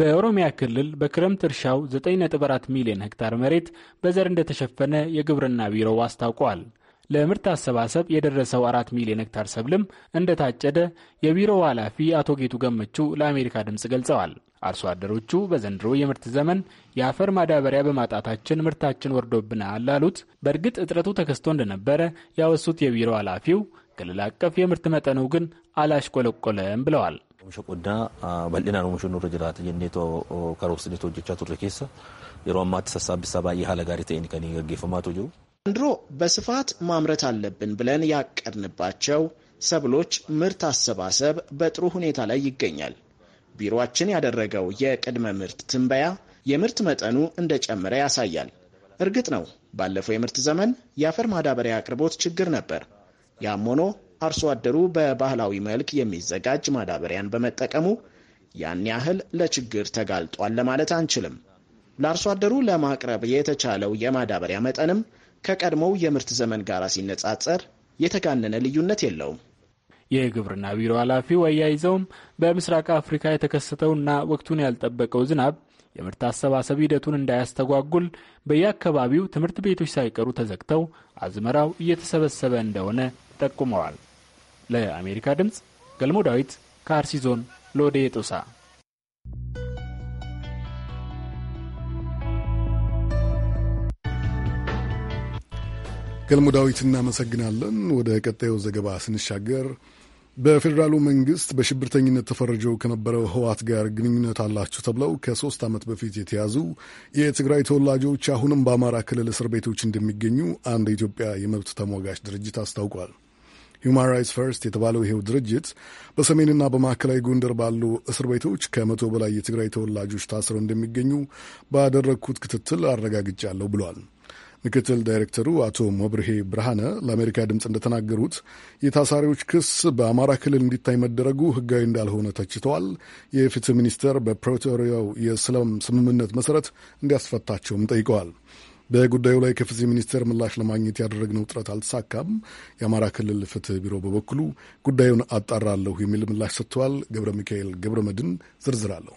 በኦሮሚያ ክልል በክረምት እርሻው 9.4 ሚሊዮን ሄክታር መሬት በዘር እንደተሸፈነ የግብርና ቢሮው አስታውቋል። ለምርት አሰባሰብ የደረሰው አራት ሚሊዮን ሄክታር ሰብልም እንደታጨደ የቢሮው ኃላፊ አቶ ጌቱ ገመቹ ለአሜሪካ ድምፅ ገልጸዋል። አርሶ አደሮቹ በዘንድሮ የምርት ዘመን የአፈር ማዳበሪያ በማጣታችን ምርታችን ወርዶብናል ላሉት በእርግጥ እጥረቱ ተከስቶ እንደነበረ ያወሱት የቢሮ ኃላፊው ክልል አቀፍ የምርት መጠኑ ግን አላሽቆለቆለም ብለዋል። ኦምሻ ቆዳ ባልዲናን ኦምሹ ኑረ ጅራተ ጀኔቶ ከሮብስኔቶ ጀቻ ቱሬ ኬሳ የሮ አማት ሰሳብሳ ባየ ሀለ ጋሪ ገጌፈማቶ ጅሩ ዘንድሮ በስፋት ማምረት አለብን ብለን ያቀድንባቸው ሰብሎች ምርት አሰባሰብ በጥሩ ሁኔታ ላይ ይገኛል። ቢሮአችን ያደረገው የቅድመ ምርት ትንበያ የምርት መጠኑ እንደጨመረ ያሳያል። እርግጥ ነው ባለፈው የምርት ዘመን የአፈር ማዳበሪያ አቅርቦት ችግር ነበር። ያም ሆኖ አርሶ አደሩ በባህላዊ መልክ የሚዘጋጅ ማዳበሪያን በመጠቀሙ ያን ያህል ለችግር ተጋልጧል ለማለት አንችልም። ለአርሶ አደሩ ለማቅረብ የተቻለው የማዳበሪያ መጠንም ከቀድሞው የምርት ዘመን ጋር ሲነጻጸር የተጋነነ ልዩነት የለውም። የግብርና ቢሮ ኃላፊው አያይዘውም በምስራቅ አፍሪካ የተከሰተውና ወቅቱን ያልጠበቀው ዝናብ የምርት አሰባሰብ ሂደቱን እንዳያስተጓጉል በየአካባቢው ትምህርት ቤቶች ሳይቀሩ ተዘግተው አዝመራው እየተሰበሰበ እንደሆነ ጠቁመዋል። ለአሜሪካ ድምፅ ገልሞ ዳዊት ከአርሲ ዞን ሎዴ ጦሳ ገልሙዳዊት ዳዊት እናመሰግናለን። ወደ ቀጣዩ ዘገባ ስንሻገር በፌዴራሉ መንግስት በሽብርተኝነት ተፈርጀው ከነበረው ህዋት ጋር ግንኙነት አላችሁ ተብለው ከሶስት ዓመት በፊት የተያዙ የትግራይ ተወላጆች አሁንም በአማራ ክልል እስር ቤቶች እንደሚገኙ አንድ የኢትዮጵያ የመብት ተሟጋች ድርጅት አስታውቋል። ሁማን ራይትስ ፈርስት የተባለው ይሄው ድርጅት በሰሜንና በማዕከላዊ ጎንደር ባሉ እስር ቤቶች ከመቶ በላይ የትግራይ ተወላጆች ታስረው እንደሚገኙ ባደረግኩት ክትትል አረጋግጫለሁ ብሏል። ምክትል ዳይሬክተሩ አቶ መብርሄ ብርሃነ ለአሜሪካ ድምፅ እንደተናገሩት የታሳሪዎች ክስ በአማራ ክልል እንዲታይ መደረጉ ሕጋዊ እንዳልሆነ ተችተዋል። የፍትህ ሚኒስቴር በፕሪቶሪያው የሰላም ስምምነት መሰረት እንዲያስፈታቸውም ጠይቀዋል። በጉዳዩ ላይ ከፍትህ ሚኒስቴር ምላሽ ለማግኘት ያደረግነው ጥረት አልተሳካም። የአማራ ክልል ፍትህ ቢሮ በበኩሉ ጉዳዩን አጣራለሁ የሚል ምላሽ ሰጥተዋል። ገብረ ሚካኤል ገብረ መድን ዝርዝራለሁ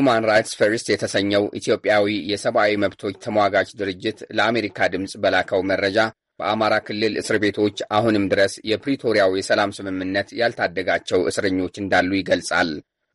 ሁማን ራይትስ ፈርስት የተሰኘው ኢትዮጵያዊ የሰብአዊ መብቶች ተሟጋች ድርጅት ለአሜሪካ ድምፅ በላከው መረጃ በአማራ ክልል እስር ቤቶች አሁንም ድረስ የፕሪቶሪያው የሰላም ስምምነት ያልታደጋቸው እስረኞች እንዳሉ ይገልጻል።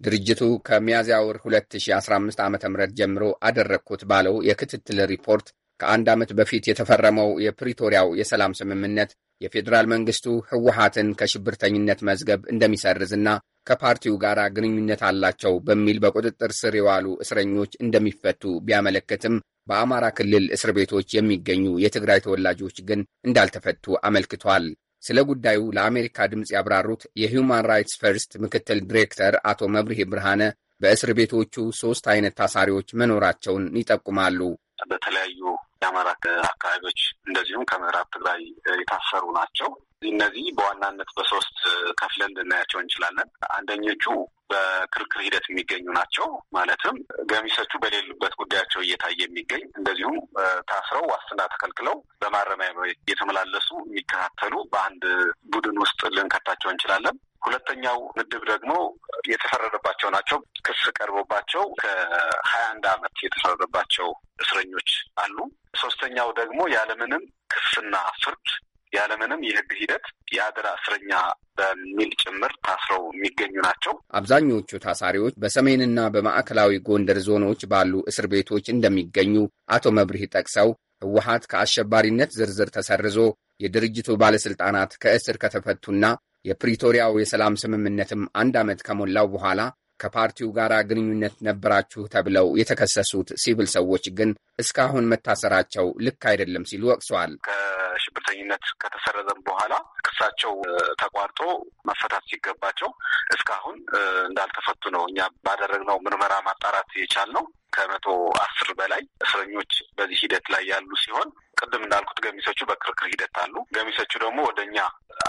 ድርጅቱ ከሚያዝያ ወር 2015 ዓ ም ጀምሮ አደረግኩት ባለው የክትትል ሪፖርት ከአንድ ዓመት በፊት የተፈረመው የፕሪቶሪያው የሰላም ስምምነት የፌዴራል መንግስቱ ህወሀትን ከሽብርተኝነት መዝገብ እንደሚሰርዝና ከፓርቲው ጋር ግንኙነት አላቸው በሚል በቁጥጥር ስር የዋሉ እስረኞች እንደሚፈቱ ቢያመለክትም በአማራ ክልል እስር ቤቶች የሚገኙ የትግራይ ተወላጆች ግን እንዳልተፈቱ አመልክቷል። ስለ ጉዳዩ ለአሜሪካ ድምፅ ያብራሩት የሂውማን ራይትስ ፈርስት ምክትል ዲሬክተር አቶ መብርሄ ብርሃነ በእስር ቤቶቹ ሦስት አይነት ታሳሪዎች መኖራቸውን ይጠቁማሉ። በተለያዩ የአማራ አካባቢዎች እንደዚሁም ከምዕራብ ትግራይ የታሰሩ ናቸው። እነዚህ በዋናነት በሶስት ከፍለን ልናያቸው እንችላለን። አንደኞቹ በክርክር ሂደት የሚገኙ ናቸው። ማለትም ገሚሶቹ በሌሉበት ጉዳያቸው እየታየ የሚገኝ እንደዚሁም ታስረው ዋስትና ተከልክለው በማረሚያ እየተመላለሱ የሚከታተሉ በአንድ ቡድን ውስጥ ልንከታቸው እንችላለን። ሁለተኛው ምድብ ደግሞ የተፈረደባቸው ናቸው። ክስ ቀርቦባቸው ከሀያ አንድ ዓመት የተፈረደባቸው እስረኞች አሉ። ሶስተኛው ደግሞ ያለምንም ክስና ፍርድ ያለምንም የህግ ሂደት የአደራ እስረኛ በሚል ጭምር ታስረው የሚገኙ ናቸው። አብዛኞቹ ታሳሪዎች በሰሜንና በማዕከላዊ ጎንደር ዞኖች ባሉ እስር ቤቶች እንደሚገኙ አቶ መብርህ ጠቅሰው ህወሀት ከአሸባሪነት ዝርዝር ተሰርዞ የድርጅቱ ባለስልጣናት ከእስር ከተፈቱና የፕሪቶሪያው የሰላም ስምምነትም አንድ ዓመት ከሞላው በኋላ ከፓርቲው ጋር ግንኙነት ነበራችሁ ተብለው የተከሰሱት ሲቪል ሰዎች ግን እስካሁን መታሰራቸው ልክ አይደለም ሲሉ ወቅሰዋል። ሽብርተኝነት ከተሰረዘም በኋላ ክሳቸው ተቋርጦ መፈታት ሲገባቸው እስካሁን እንዳልተፈቱ ነው እኛ ባደረግነው ምርመራ ማጣራት የቻልነው። ከመቶ አስር በላይ እስረኞች በዚህ ሂደት ላይ ያሉ ሲሆን ቅድም እንዳልኩት ገሚሶቹ በክርክር ሂደት አሉ። ገሚሶቹ ደግሞ ወደ እኛ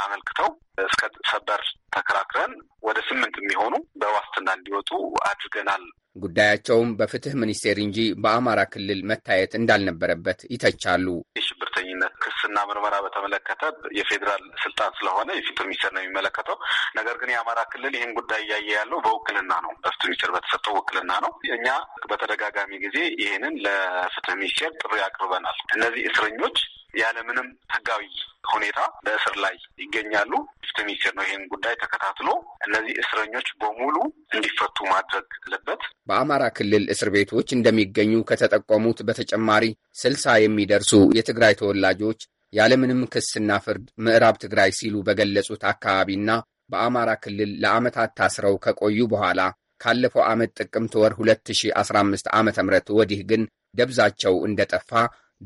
አመልክተው እስከ ሰበር ተከራክረን ወደ ስምንት የሚሆኑ በዋስትና እንዲወጡ አድርገናል ጉዳያቸውም በፍትህ ሚኒስቴር እንጂ በአማራ ክልል መታየት እንዳልነበረበት ይተቻሉ። የሽብርተኝነት ክስና ምርመራ በተመለከተ የፌዴራል ስልጣን ስለሆነ የፍትህ ሚኒስቴር ነው የሚመለከተው። ነገር ግን የአማራ ክልል ይህን ጉዳይ እያየ ያለው በውክልና ነው፣ በፍትህ ሚኒስቴር በተሰጠው ውክልና ነው። እኛ በተደጋጋሚ ጊዜ ይህንን ለፍትህ ሚኒስቴር ጥሪ አቅርበናል። እነዚህ እስረኞች ያለምንም ህጋዊ ሁኔታ በእስር ላይ ይገኛሉ። ፍትህ ሚኒስቴር ነው ይህን ጉዳይ ተከታትሎ እነዚህ እስረኞች በሙሉ እንዲፈቱ ማድረግ አለበት። በአማራ ክልል እስር ቤቶች እንደሚገኙ ከተጠቆሙት በተጨማሪ ስልሳ የሚደርሱ የትግራይ ተወላጆች ያለምንም ክስና ፍርድ ምዕራብ ትግራይ ሲሉ በገለጹት አካባቢና በአማራ ክልል ለዓመታት ታስረው ከቆዩ በኋላ ካለፈው ዓመት ጥቅምት ወር 2015 ዓ ም ወዲህ ግን ደብዛቸው እንደጠፋ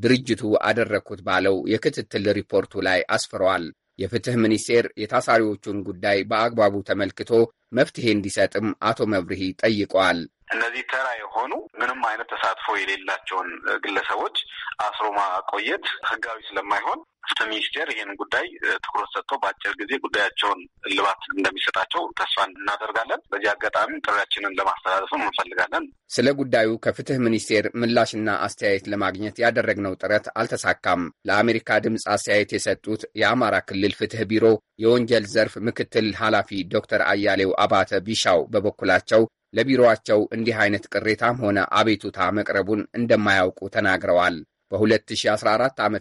ድርጅቱ አደረግኩት ባለው የክትትል ሪፖርቱ ላይ አስፍረዋል። የፍትህ ሚኒስቴር የታሳሪዎቹን ጉዳይ በአግባቡ ተመልክቶ መፍትሄ እንዲሰጥም አቶ መብርሂ ጠይቀዋል። እነዚህ ተራ የሆኑ ምንም አይነት ተሳትፎ የሌላቸውን ግለሰቦች አስሮ ማቆየት ህጋዊ ስለማይሆን ፍትህ ሚኒስቴር ይህን ጉዳይ ትኩረት ሰጥቶ በአጭር ጊዜ ጉዳያቸውን እልባት እንደሚሰጣቸው ተስፋ እናደርጋለን። በዚህ አጋጣሚ ጥሪያችንን ለማስተላለፍ እንፈልጋለን። ስለ ጉዳዩ ከፍትህ ሚኒስቴር ምላሽና አስተያየት ለማግኘት ያደረግነው ጥረት አልተሳካም። ለአሜሪካ ድምፅ አስተያየት የሰጡት የአማራ ክልል ፍትህ ቢሮ የወንጀል ዘርፍ ምክትል ኃላፊ ዶክተር አያሌው አባተ ቢሻው በበኩላቸው ለቢሮአቸው እንዲህ አይነት ቅሬታም ሆነ አቤቱታ መቅረቡን እንደማያውቁ ተናግረዋል። በ2014 ዓ ም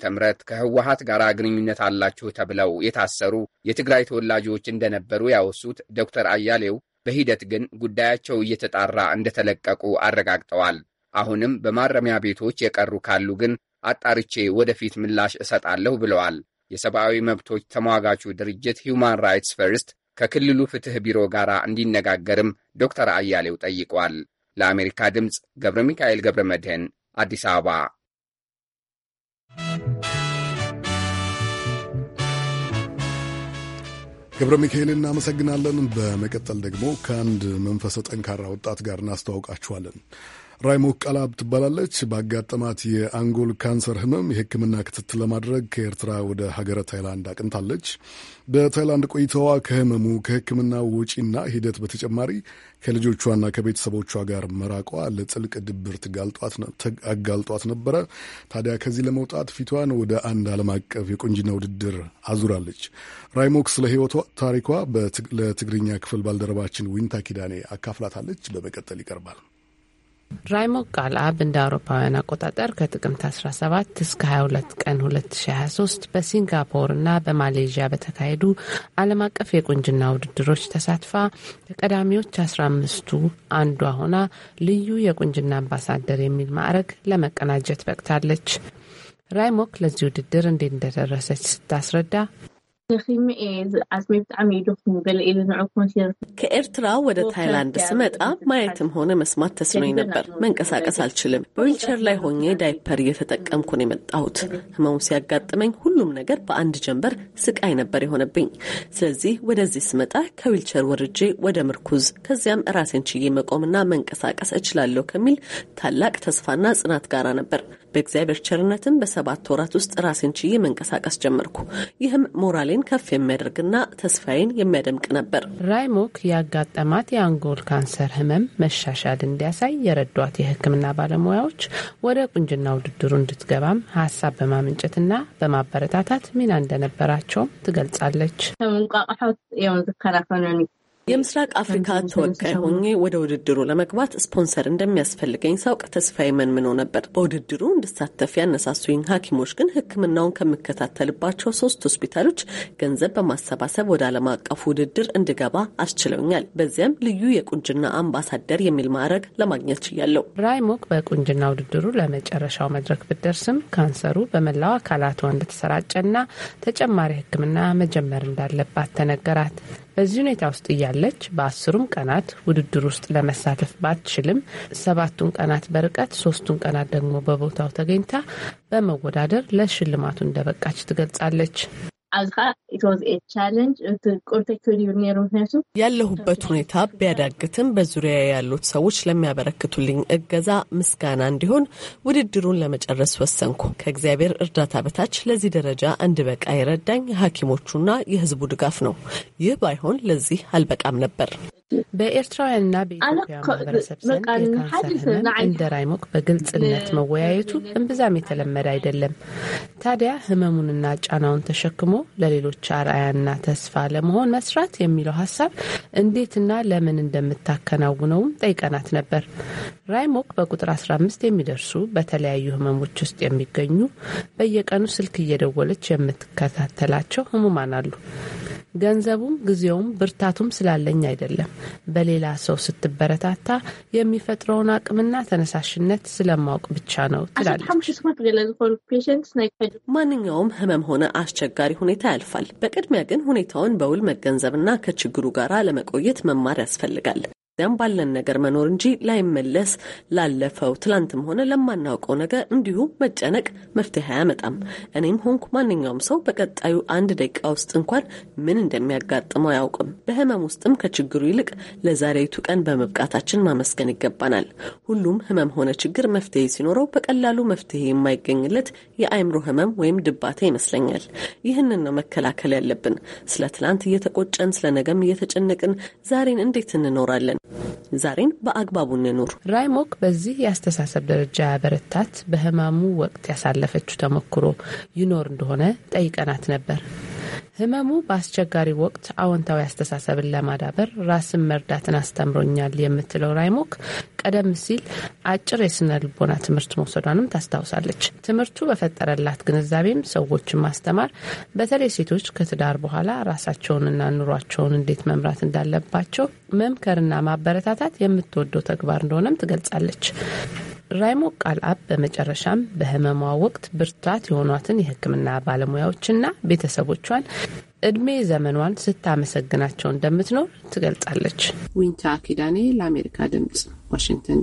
ከህወሀት ጋር ግንኙነት አላችሁ ተብለው የታሰሩ የትግራይ ተወላጆች እንደነበሩ ያወሱት ዶክተር አያሌው በሂደት ግን ጉዳያቸው እየተጣራ እንደተለቀቁ አረጋግጠዋል። አሁንም በማረሚያ ቤቶች የቀሩ ካሉ ግን አጣርቼ ወደፊት ምላሽ እሰጣለሁ ብለዋል። የሰብአዊ መብቶች ተሟጋቹ ድርጅት ሂውማን ራይትስ ፈርስት ከክልሉ ፍትህ ቢሮ ጋር እንዲነጋገርም ዶክተር አያሌው ጠይቋል። ለአሜሪካ ድምፅ ገብረ ሚካኤል ገብረ መድህን አዲስ አበባ ገብረ ሚካኤል እናመሰግናለን። በመቀጠል ደግሞ ከአንድ መንፈሰ ጠንካራ ወጣት ጋር እናስተዋውቃችኋለን። ራይሞክ ቃላብ ትባላለች። ባጋጠማት የአንጎል ካንሰር ህመም የህክምና ክትትል ለማድረግ ከኤርትራ ወደ ሀገረ ታይላንድ አቅንታለች። በታይላንድ ቆይታዋ ከህመሙ ከህክምና ወጪና ሂደት በተጨማሪ ከልጆቿና ከቤተሰቦቿ ጋር መራቋ ለጥልቅ ድብርት አጋልጧት ነበረ። ታዲያ ከዚህ ለመውጣት ፊቷን ወደ አንድ ዓለም አቀፍ የቁንጅና ውድድር አዙራለች። ራይሞክ ስለ ህይወቷ ታሪኳ ለትግርኛ ክፍል ባልደረባችን ዊንታ ኪዳኔ አካፍላታለች። በመቀጠል ይቀርባል። ራይሞ ቃልአብ እንደ አውሮፓውያን አቆጣጠር ከጥቅምት 17 እስከ 22 ቀን 2023 በሲንጋፖር እና በማሌዥያ በተካሄዱ ዓለም አቀፍ የቁንጅና ውድድሮች ተሳትፋ ከቀዳሚዎች 15ቱ አንዷ ሆና ልዩ የቁንጅና አምባሳደር የሚል ማዕረግ ለመቀናጀት በቅታለች። ራይሞክ ለዚህ ውድድር እንዴት እንደደረሰች ስታስረዳ ከኤርትራ ወደ ታይላንድ ስመጣ ማየትም ሆነ መስማት ተስኖኝ ነበር። መንቀሳቀስ አልችልም። በዊልቸር ላይ ሆኜ ዳይፐር እየተጠቀምኩ ነው የመጣሁት። ህመሙ ሲያጋጥመኝ ሁሉም ነገር በአንድ ጀንበር ስቃይ ነበር የሆነብኝ። ስለዚህ ወደዚህ ስመጣ ከዊልቸር ወርጄ ወደ ምርኩዝ፣ ከዚያም ራሴን ችዬ መቆምና መንቀሳቀስ እችላለሁ ከሚል ታላቅ ተስፋና ጽናት ጋራ ነበር በእግዚአብሔር ቸርነትም በሰባት ወራት ውስጥ ራሴን ችዬ መንቀሳቀስ ጀመርኩ። ይህም ሞራሌን ከፍ የሚያደርግና ተስፋዬን የሚያደምቅ ነበር። ራይሞክ ያጋጠማት የአንጎል ካንሰር ህመም መሻሻል እንዲያሳይ የረዷት የህክምና ባለሙያዎች ወደ ቁንጅና ውድድሩ እንድትገባም ሀሳብ በማመንጨትና በማበረታታት ሚና እንደነበራቸውም ትገልጻለች። የምስራቅ አፍሪካ ተወካይ ሆኜ ወደ ውድድሩ ለመግባት ስፖንሰር እንደሚያስፈልገኝ ሳውቅ ተስፋዬ መንምኖ ነበር። በውድድሩ እንድሳተፍ ያነሳሱኝ ሐኪሞች ግን ሕክምናውን ከምከታተልባቸው ሶስት ሆስፒታሎች ገንዘብ በማሰባሰብ ወደ ዓለም አቀፉ ውድድር እንድገባ አስችለውኛል። በዚያም ልዩ የቁንጅና አምባሳደር የሚል ማዕረግ ለማግኘት ችያለሁ። ራይሞክ በቁንጅና ውድድሩ ለመጨረሻው መድረክ ብደርስም ካንሰሩ በመላው አካላቷ እንደተሰራጨና ተጨማሪ ሕክምና መጀመር እንዳለባት ተነገራት። በዚህ ሁኔታ ውስጥ እያለች በአስሩም ቀናት ውድድር ውስጥ ለመሳተፍ ባትችልም ሰባቱን ቀናት በርቀት ሶስቱን ቀናት ደግሞ በቦታው ተገኝታ በመወዳደር ለሽልማቱ እንደበቃች ትገልጻለች። ያለሁበት ሁኔታ ቢያዳግትም በዙሪያ ያሉት ሰዎች ለሚያበረክቱልኝ እገዛ ምስጋና እንዲሆን ውድድሩን ለመጨረስ ወሰንኩ። ከእግዚአብሔር እርዳታ በታች ለዚህ ደረጃ እንድበቃ የረዳኝ የሐኪሞቹና የህዝቡ ድጋፍ ነው። ይህ ባይሆን ለዚህ አልበቃም ነበር። በኤርትራውያንና በኢትዮጵያ ማህበረሰብ ዘንድ የካንሰር ህመም እንደ በግልጽነት መወያየቱ እምብዛም የተለመደ አይደለም። ታዲያ ህመሙንና ጫናውን ተሸክሞ ለሌሎች አርአያና ተስፋ ለመሆን መስራት የሚለው ሀሳብ እንዴትና ለምን እንደምታከናውነውም ጠይቀናት ነበር። ራይሞክ በቁጥር 15 የሚደርሱ በተለያዩ ህመሞች ውስጥ የሚገኙ በየቀኑ ስልክ እየደወለች የምትከታተላቸው ህሙማን አሉ። ገንዘቡም ጊዜውም ብርታቱም ስላለኝ አይደለም። በሌላ ሰው ስትበረታታ የሚፈጥረውን አቅምና ተነሳሽነት ስለማወቅ ብቻ ነው ትላለች። ማንኛውም ህመም ሆነ አስቸጋሪ ሁኔታ ያልፋል። በቅድሚያ ግን ሁኔታውን በውል መገንዘብና ከችግሩ ጋር ለመቆየት መማር ያስፈልጋል። በስተበስቲያም ባለን ነገር መኖር እንጂ ላይመለስ ላለፈው ትላንትም ሆነ ለማናውቀው ነገር እንዲሁ መጨነቅ መፍትሄ አያመጣም። እኔም ሆንኩ ማንኛውም ሰው በቀጣዩ አንድ ደቂቃ ውስጥ እንኳን ምን እንደሚያጋጥመው አያውቅም። በህመም ውስጥም ከችግሩ ይልቅ ለዛሬቱ ቀን በመብቃታችን ማመስገን ይገባናል። ሁሉም ህመም ሆነ ችግር መፍትሄ ሲኖረው በቀላሉ መፍትሄ የማይገኝለት የአእምሮ ህመም ወይም ድባቴ ይመስለኛል። ይህንን ነው መከላከል ያለብን። ስለ ትላንት እየተቆጨን ስለ ነገም እየተጨነቅን ዛሬን እንዴት እንኖራለን? ዛሬን በአግባቡ እንኑር። ራይሞክ በዚህ የአስተሳሰብ ደረጃ ያበረታት በህማሙ ወቅት ያሳለፈችው ተሞክሮ ይኖር እንደሆነ ጠይቀናት ነበር። ህመሙ በአስቸጋሪ ወቅት አዎንታዊ አስተሳሰብን ለማዳበር ራስን መርዳትን አስተምሮኛል የምትለው ራይሞክ ቀደም ሲል አጭር የስነ ልቦና ትምህርት መውሰዷንም ታስታውሳለች። ትምህርቱ በፈጠረላት ግንዛቤም ሰዎችን ማስተማር በተለይ ሴቶች ከትዳር በኋላ ራሳቸውንና ኑሯቸውን እንዴት መምራት እንዳለባቸው መምከርና ማበረታታት የምትወደው ተግባር እንደሆነም ትገልጻለች። ራይሞ ቃልአብ በመጨረሻም በህመሟ ወቅት ብርታት የሆኗትን ባለሙያዎች ባለሙያዎችና ቤተሰቦቿን እድሜ ዘመኗን ስታመሰግናቸው እንደምትኖር ትገልጻለች። ዊንታ ኪዳኔ ለአሜሪካ ድምጽ ዋሽንግተን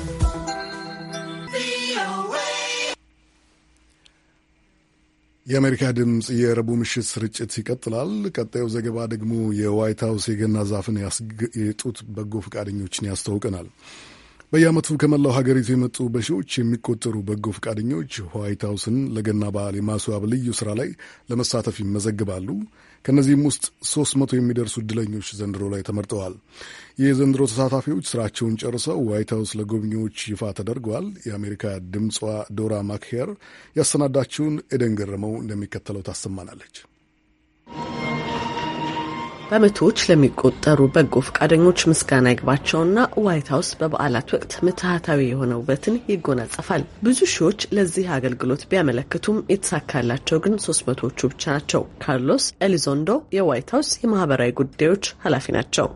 የአሜሪካ ድምፅ የረቡዕ ምሽት ስርጭት ይቀጥላል። ቀጣዩ ዘገባ ደግሞ የዋይት ሀውስ የገና ዛፍን የጡት በጎ ፈቃደኞችን ያስታውቀናል። በየዓመቱ ከመላው ሀገሪቱ የመጡ በሺዎች የሚቆጠሩ በጎ ፈቃደኞች ዋይት ሀውስን ለገና በዓል የማስዋብ ልዩ ስራ ላይ ለመሳተፍ ይመዘግባሉ። ከእነዚህም ውስጥ ሶስት መቶ የሚደርሱ እድለኞች ዘንድሮ ላይ ተመርጠዋል። የዘንድሮ ተሳታፊዎች ስራቸውን ጨርሰው ዋይት ሀውስ ለጎብኚዎች ይፋ ተደርገዋል። የአሜሪካ ድምጿ ዶራ ማክሄር ያሰናዳችውን ኤደን ገረመው እንደሚከተለው ታሰማናለች። በመቶዎች ለሚቆጠሩ በጎ ፈቃደኞች ምስጋና ይግባቸውና ዋይት ሀውስ በበዓላት ወቅት ምትሃታዊ የሆነ ውበትን ይጎናጸፋል። ብዙ ሺዎች ለዚህ አገልግሎት ቢያመለክቱም የተሳካላቸው ግን ሶስት መቶዎቹ ብቻ ናቸው። ካርሎስ ኤሊዞንዶ የዋይት ሀውስ የማህበራዊ ጉዳዮች ኃላፊ ናቸው።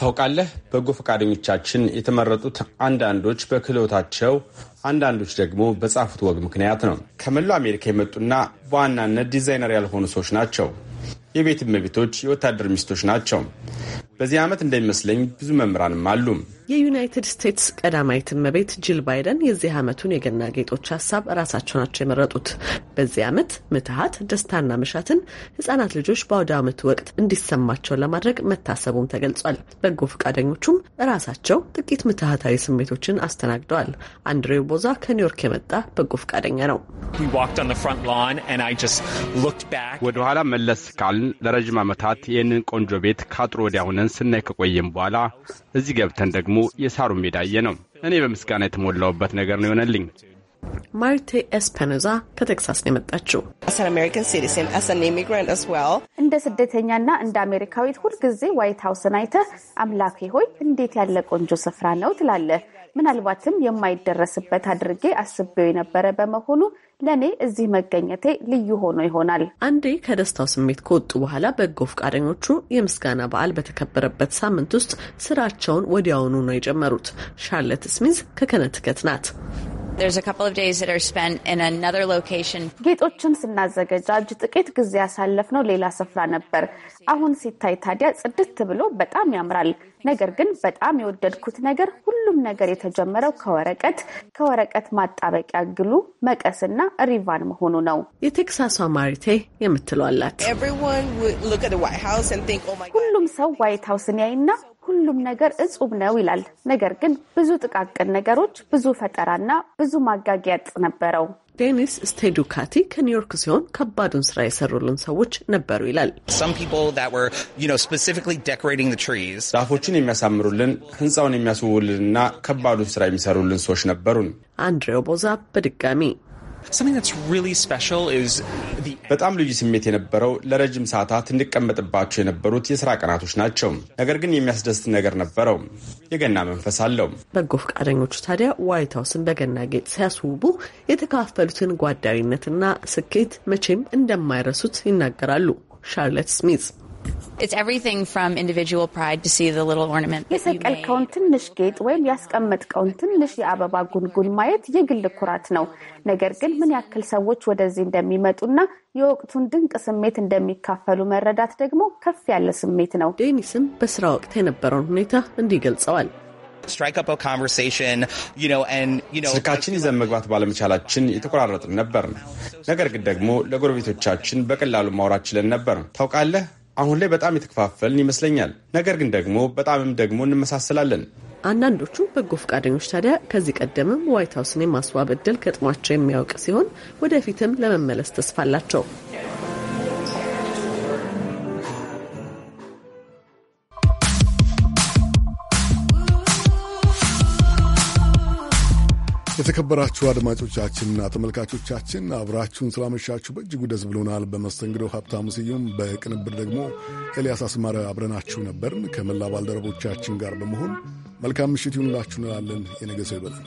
ታውቃለህ፣ በጎ ፈቃደኞቻችን የተመረጡት አንዳንዶች በክህሎታቸው አንዳንዶች ደግሞ በጻፉት ወግ ምክንያት ነው። ከመላው አሜሪካ የመጡና በዋናነት ዲዛይነር ያልሆኑ ሰዎች ናቸው። የቤት እመቤቶች፣ የወታደር ሚስቶች ናቸው። በዚህ ዓመት እንደሚመስለኝ ብዙ መምህራንም አሉ። የዩናይትድ ስቴትስ ቀዳማዊት እመቤት ጂል ባይደን የዚህ ዓመቱን የገና ጌጦች ሀሳብ ራሳቸው ናቸው የመረጡት። በዚህ ዓመት ምትሃት፣ ደስታና ምሻትን ህጻናት ልጆች በአውደ ዓመቱ ወቅት እንዲሰማቸው ለማድረግ መታሰቡም ተገልጿል። በጎ ፈቃደኞቹም ራሳቸው ጥቂት ምትሃታዊ ስሜቶችን አስተናግደዋል። አንድሬው ቦዛ ከኒውዮርክ የመጣ በጎ ፈቃደኛ ነው። ወደኋላ መለስ ካልን ለረዥም ዓመታት ይህንን ቆንጆ ቤት ካጥሩ ወዲያሁነን ሄደን ስናይ ከቆየም በኋላ እዚህ ገብተን ደግሞ የሳሩ ሜዳ አየ ነው። እኔ በምስጋና የተሞላውበት ነገር ነው ይሆነልኝ። ማርቴ ኤስፐኖዛ ከቴክሳስ ነው የመጣችው። እንደ ስደተኛና እንደ አሜሪካዊት ሁልጊዜ ዋይት ሀውስን አይተህ አምላኬ ሆይ እንዴት ያለ ቆንጆ ስፍራ ነው ትላለህ። ምናልባትም የማይደረስበት አድርጌ አስቤው የነበረ በመሆኑ ለእኔ እዚህ መገኘቴ ልዩ ሆኖ ይሆናል። አንዴ ከደስታው ስሜት ከወጡ በኋላ በጎ ፈቃደኞቹ የምስጋና በዓል በተከበረበት ሳምንት ውስጥ ስራቸውን ወዲያውኑ ነው የጀመሩት። ሻርለት ስሚዝ ከከነትከት ናት። ጌጦችን ስናዘገጃጅ ጥቂት ጊዜ ያሳለፍነው ሌላ ስፍራ ነበር። አሁን ሲታይ ታዲያ ጽድት ብሎ በጣም ያምራል። ነገር ግን በጣም የወደድኩት ነገር ሁሉም ነገር የተጀመረው ከወረቀት ከወረቀት ማጣበቂያ ግሉ፣ መቀስና ሪቫን መሆኑ ነው። የቴክሳሷ ማሪቴ የምትሏላት ሁሉም ሰው ዋይት ሀውስን ያይና ሁሉም ነገር እጹብ ነው ይላል። ነገር ግን ብዙ ጥቃቅን ነገሮች፣ ብዙ ፈጠራና ብዙ ማጋጊያጥ ነበረው። ዴኒስ ስቴዱካቲ ከኒውዮርክ ሲሆን ከባዱን ስራ የሰሩልን ሰዎች ነበሩ ይላል። ዛፎችን የሚያሳምሩልን፣ ህንፃውን የሚያስውውልንና ከባዱን ስራ የሚሰሩልን ሰዎች ነበሩን። አንድሬው ቦዛ በድጋሚ በጣም ልዩ ስሜት የነበረው ለረጅም ሰዓታት እንቀመጥባቸው የነበሩት የስራ ቀናቶች ናቸው። ነገር ግን የሚያስደስት ነገር ነበረው። የገና መንፈስ አለው። በጎ ፈቃደኞቹ ታዲያ ዋይት ሀውስን በገና ጌጥ ሲያስውቡ የተካፈሉትን ጓዳዊነትና ስኬት መቼም እንደማይረሱት ይናገራሉ። ሻርለት ስሚዝ የሰቀልከውን ትንሽ ጌጥ ወይም ያስቀመጥከውን ትንሽ የአበባ ጉንጉን ማየት የግል ኩራት ነው። ነገር ግን ምን ያክል ሰዎች ወደዚህ እንደሚመጡና የወቅቱን ድንቅ ስሜት እንደሚካፈሉ መረዳት ደግሞ ከፍ ያለ ስሜት ነው። ዴኒስም በስራ ወቅት የነበረውን ሁኔታ እንዲህ ገልጸዋል። ስልካችን ይዘን መግባት ባለመቻላችን የተቆራረጥን ነበር። ነገር ግን ደግሞ ለጎረቤቶቻችን በቀላሉ ማውራት ችለን ነበር። ታውቃለህ አሁን ላይ በጣም የተከፋፈልን ይመስለኛል። ነገር ግን ደግሞ በጣምም ደግሞ እንመሳሰላለን። አንዳንዶቹ በጎ ፈቃደኞች ታዲያ ከዚህ ቀደምም ዋይት ሀውስን የማስዋብ እድል ገጥሟቸው የሚያውቅ ሲሆን ወደፊትም ለመመለስ ተስፋ አላቸው። የተከበራችሁ አድማጮቻችንና ተመልካቾቻችን አብራችሁን ስላመሻችሁ በእጅጉ ደስ ብሎናል። በመስተንግዶ ሀብታሙ ስዩም፣ በቅንብር ደግሞ ኤልያስ አስማረ አብረናችሁ ነበርን። ከመላ ባልደረቦቻችን ጋር በመሆን መልካም ምሽት ይሁንላችሁ እንላለን። የነገ ሰው ይበለን።